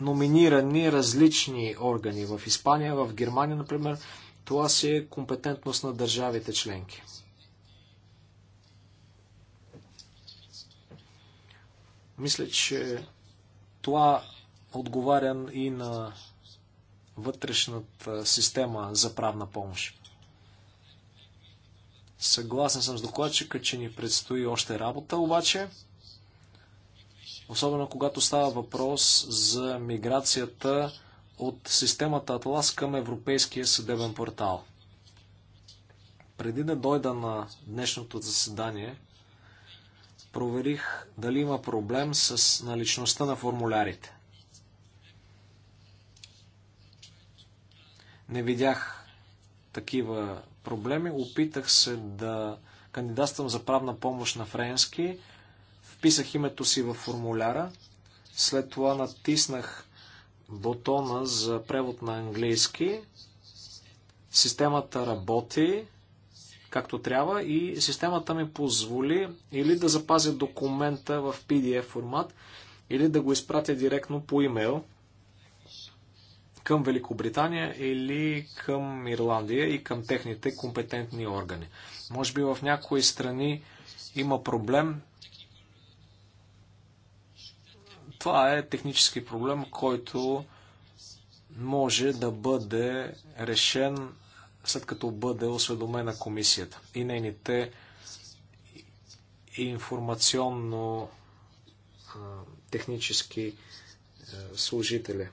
номинирани различни органи. В Испания, в Германия, например, това си е компетентност на държавите членки. Мисля, че това отговаря и на вътрешната система за правна помощ. Съгласен съм с докладчика, че ни предстои още работа, обаче, особено когато става въпрос за миграцията от системата Атлас към Европейския съдебен портал. Преди да дойда на днешното заседание, проверих дали има проблем с наличността на формулярите. Не видях такива проблеми. Опитах се да кандидатствам за правна помощ на френски. Вписах името си във формуляра. След това натиснах бутона за превод на английски. Системата работи както трябва и системата ми позволи или да запазя документа в PDF формат, или да го изпратя директно по имейл към Великобритания или към Ирландия и към техните компетентни органи. Може би в някои страни има проблем. Това е технически проблем, който може да бъде решен след като бъде осведомена комисията и нейните информационно-технически служители.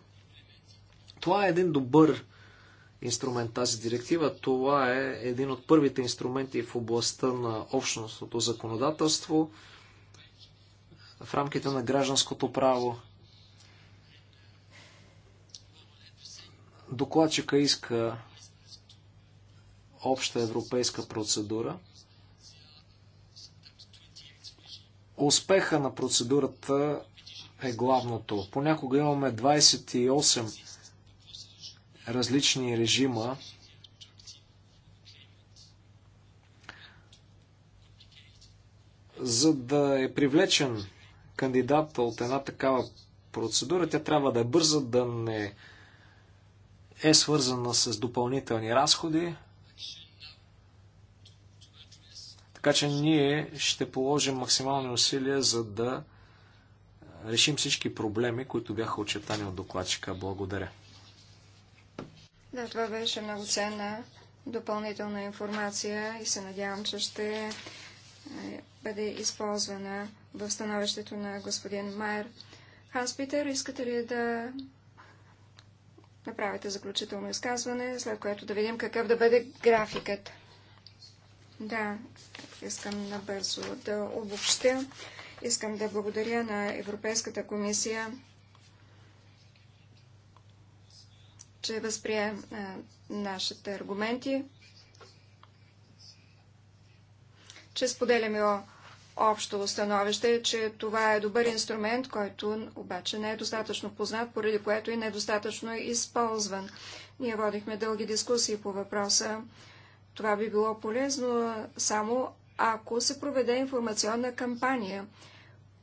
Това е един добър инструмент, тази директива. Това е един от първите инструменти в областта на общностното законодателство в рамките на гражданското право. Докладчика иска обща европейска процедура. Успеха на процедурата е главното. Понякога имаме 28 различни режима. За да е привлечен кандидата от една такава процедура, тя трябва да е бърза, да не е свързана с допълнителни разходи. Така че ние ще положим максимални усилия, за да решим всички проблеми, които бяха очетани от докладчика. Благодаря. Да, това беше много ценна допълнителна информация и се надявам, че ще е, бъде използвана в становището на господин Майер. Ханс Питер, искате ли да направите заключително изказване, след което да видим какъв да бъде графикът? Да, искам набързо да обобщя. Искам да благодаря на Европейската комисия че възприе е, нашите аргументи, че споделяме общо установище, че това е добър инструмент, който обаче не е достатъчно познат, поради което и е недостатъчно е използван. Ние водихме дълги дискусии по въпроса. Това би било полезно само ако се проведе информационна кампания.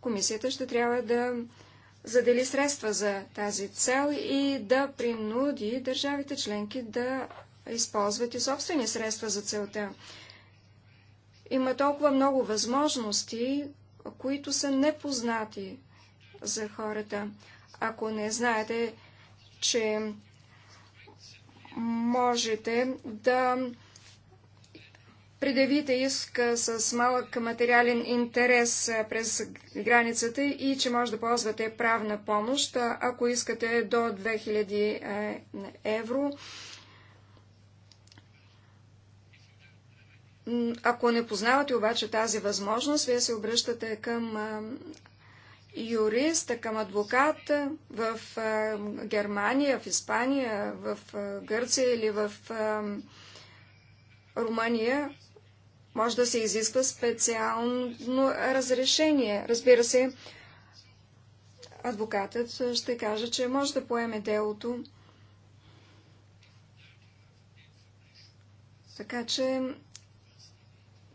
Комисията ще трябва да задели средства за тази цел и да принуди държавите членки да използват и собствени средства за целта. Има толкова много възможности, които са непознати за хората. Ако не знаете, че можете да предявите иск с малък материален интерес през границата и че може да ползвате правна помощ, ако искате до 2000 евро. Ако не познавате обаче тази възможност, вие се обръщате към юрист, към адвокат в Германия, в Испания, в Гърция или в Румъния, може да се изисква специално разрешение. Разбира се, адвокатът ще каже, че може да поеме делото. Така че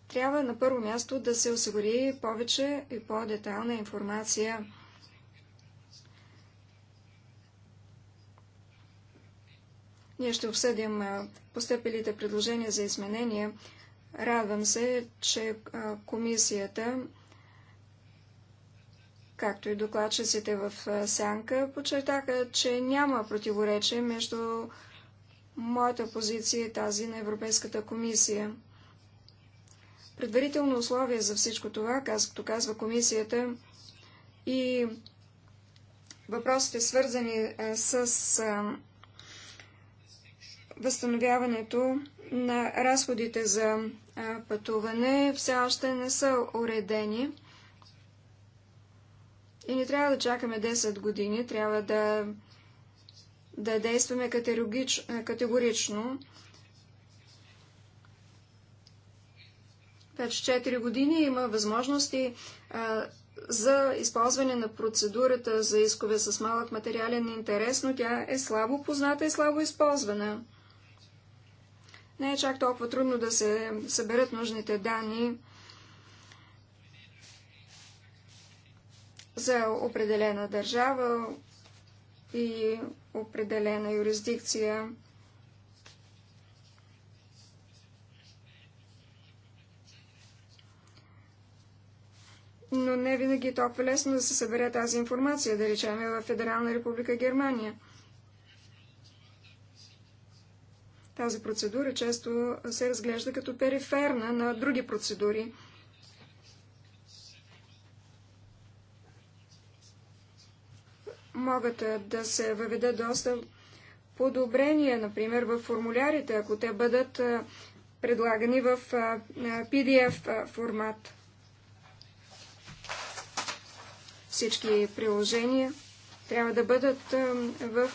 трябва на първо място да се осигури повече и по-детална информация. Ние ще обсъдим постъпилите предложения за изменения. Радвам се, че комисията, както и докладчиците в Сянка, подчертаха, че няма противоречие между моята позиция и тази на Европейската комисия. Предварително условие за всичко това, както казва комисията, и въпросите свързани с възстановяването на разходите за пътуване все още не са уредени. И не трябва да чакаме 10 години, трябва да, да действаме категорично. Вече 4 години има възможности а, за използване на процедурата за искове с малък материален интерес, но тя е слабо позната и слабо използвана. Не е чак толкова трудно да се съберат нужните данни за определена държава и определена юрисдикция. но не винаги е толкова лесно да се събере тази информация, да речем в Федерална република Германия. Тази процедура често се разглежда като периферна на други процедури. Могат да се въведе доста подобрения, например, в формулярите, ако те бъдат предлагани в PDF формат. Всички приложения трябва да бъдат в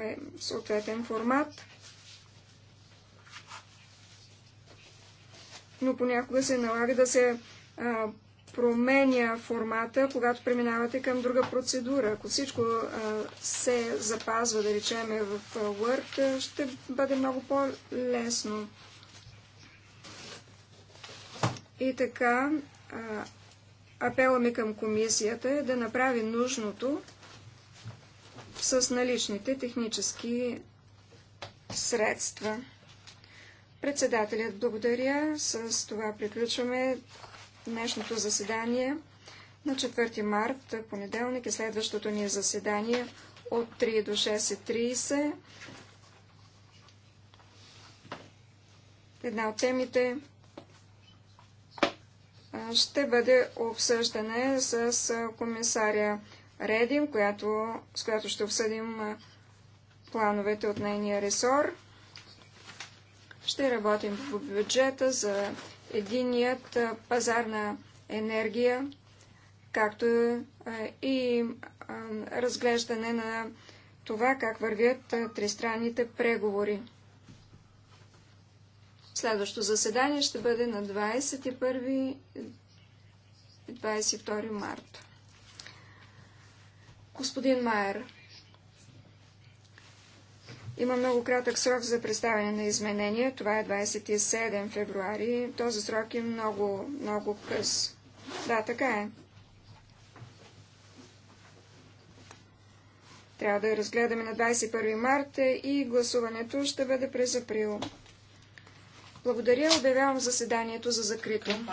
е, съответен формат. но понякога се налага да се а, променя формата, когато преминавате към друга процедура. Ако всичко а, се запазва, да речеме, в Word, ще бъде много по-лесно. И така, а, апела ми към комисията е да направи нужното с наличните технически средства. Председателят благодаря. С това приключваме днешното заседание на 4 март, понеделник и е следващото ни заседание от 3 до 6.30. Една от темите ще бъде обсъждане с комисаря Редин, която, с която ще обсъдим плановете от нейния ресор. Ще работим по бюджета за единият пазар на енергия, както и разглеждане на това как вървят тристранните преговори. Следващото заседание ще бъде на 21 и 22 марта. Господин Майер, има много кратък срок за представяне на изменения. Това е 27 февруари. Този срок е много, много къс. Да, така е. Трябва да разгледаме на 21 марта и гласуването ще бъде през април. Благодаря, обявявам заседанието за закрито.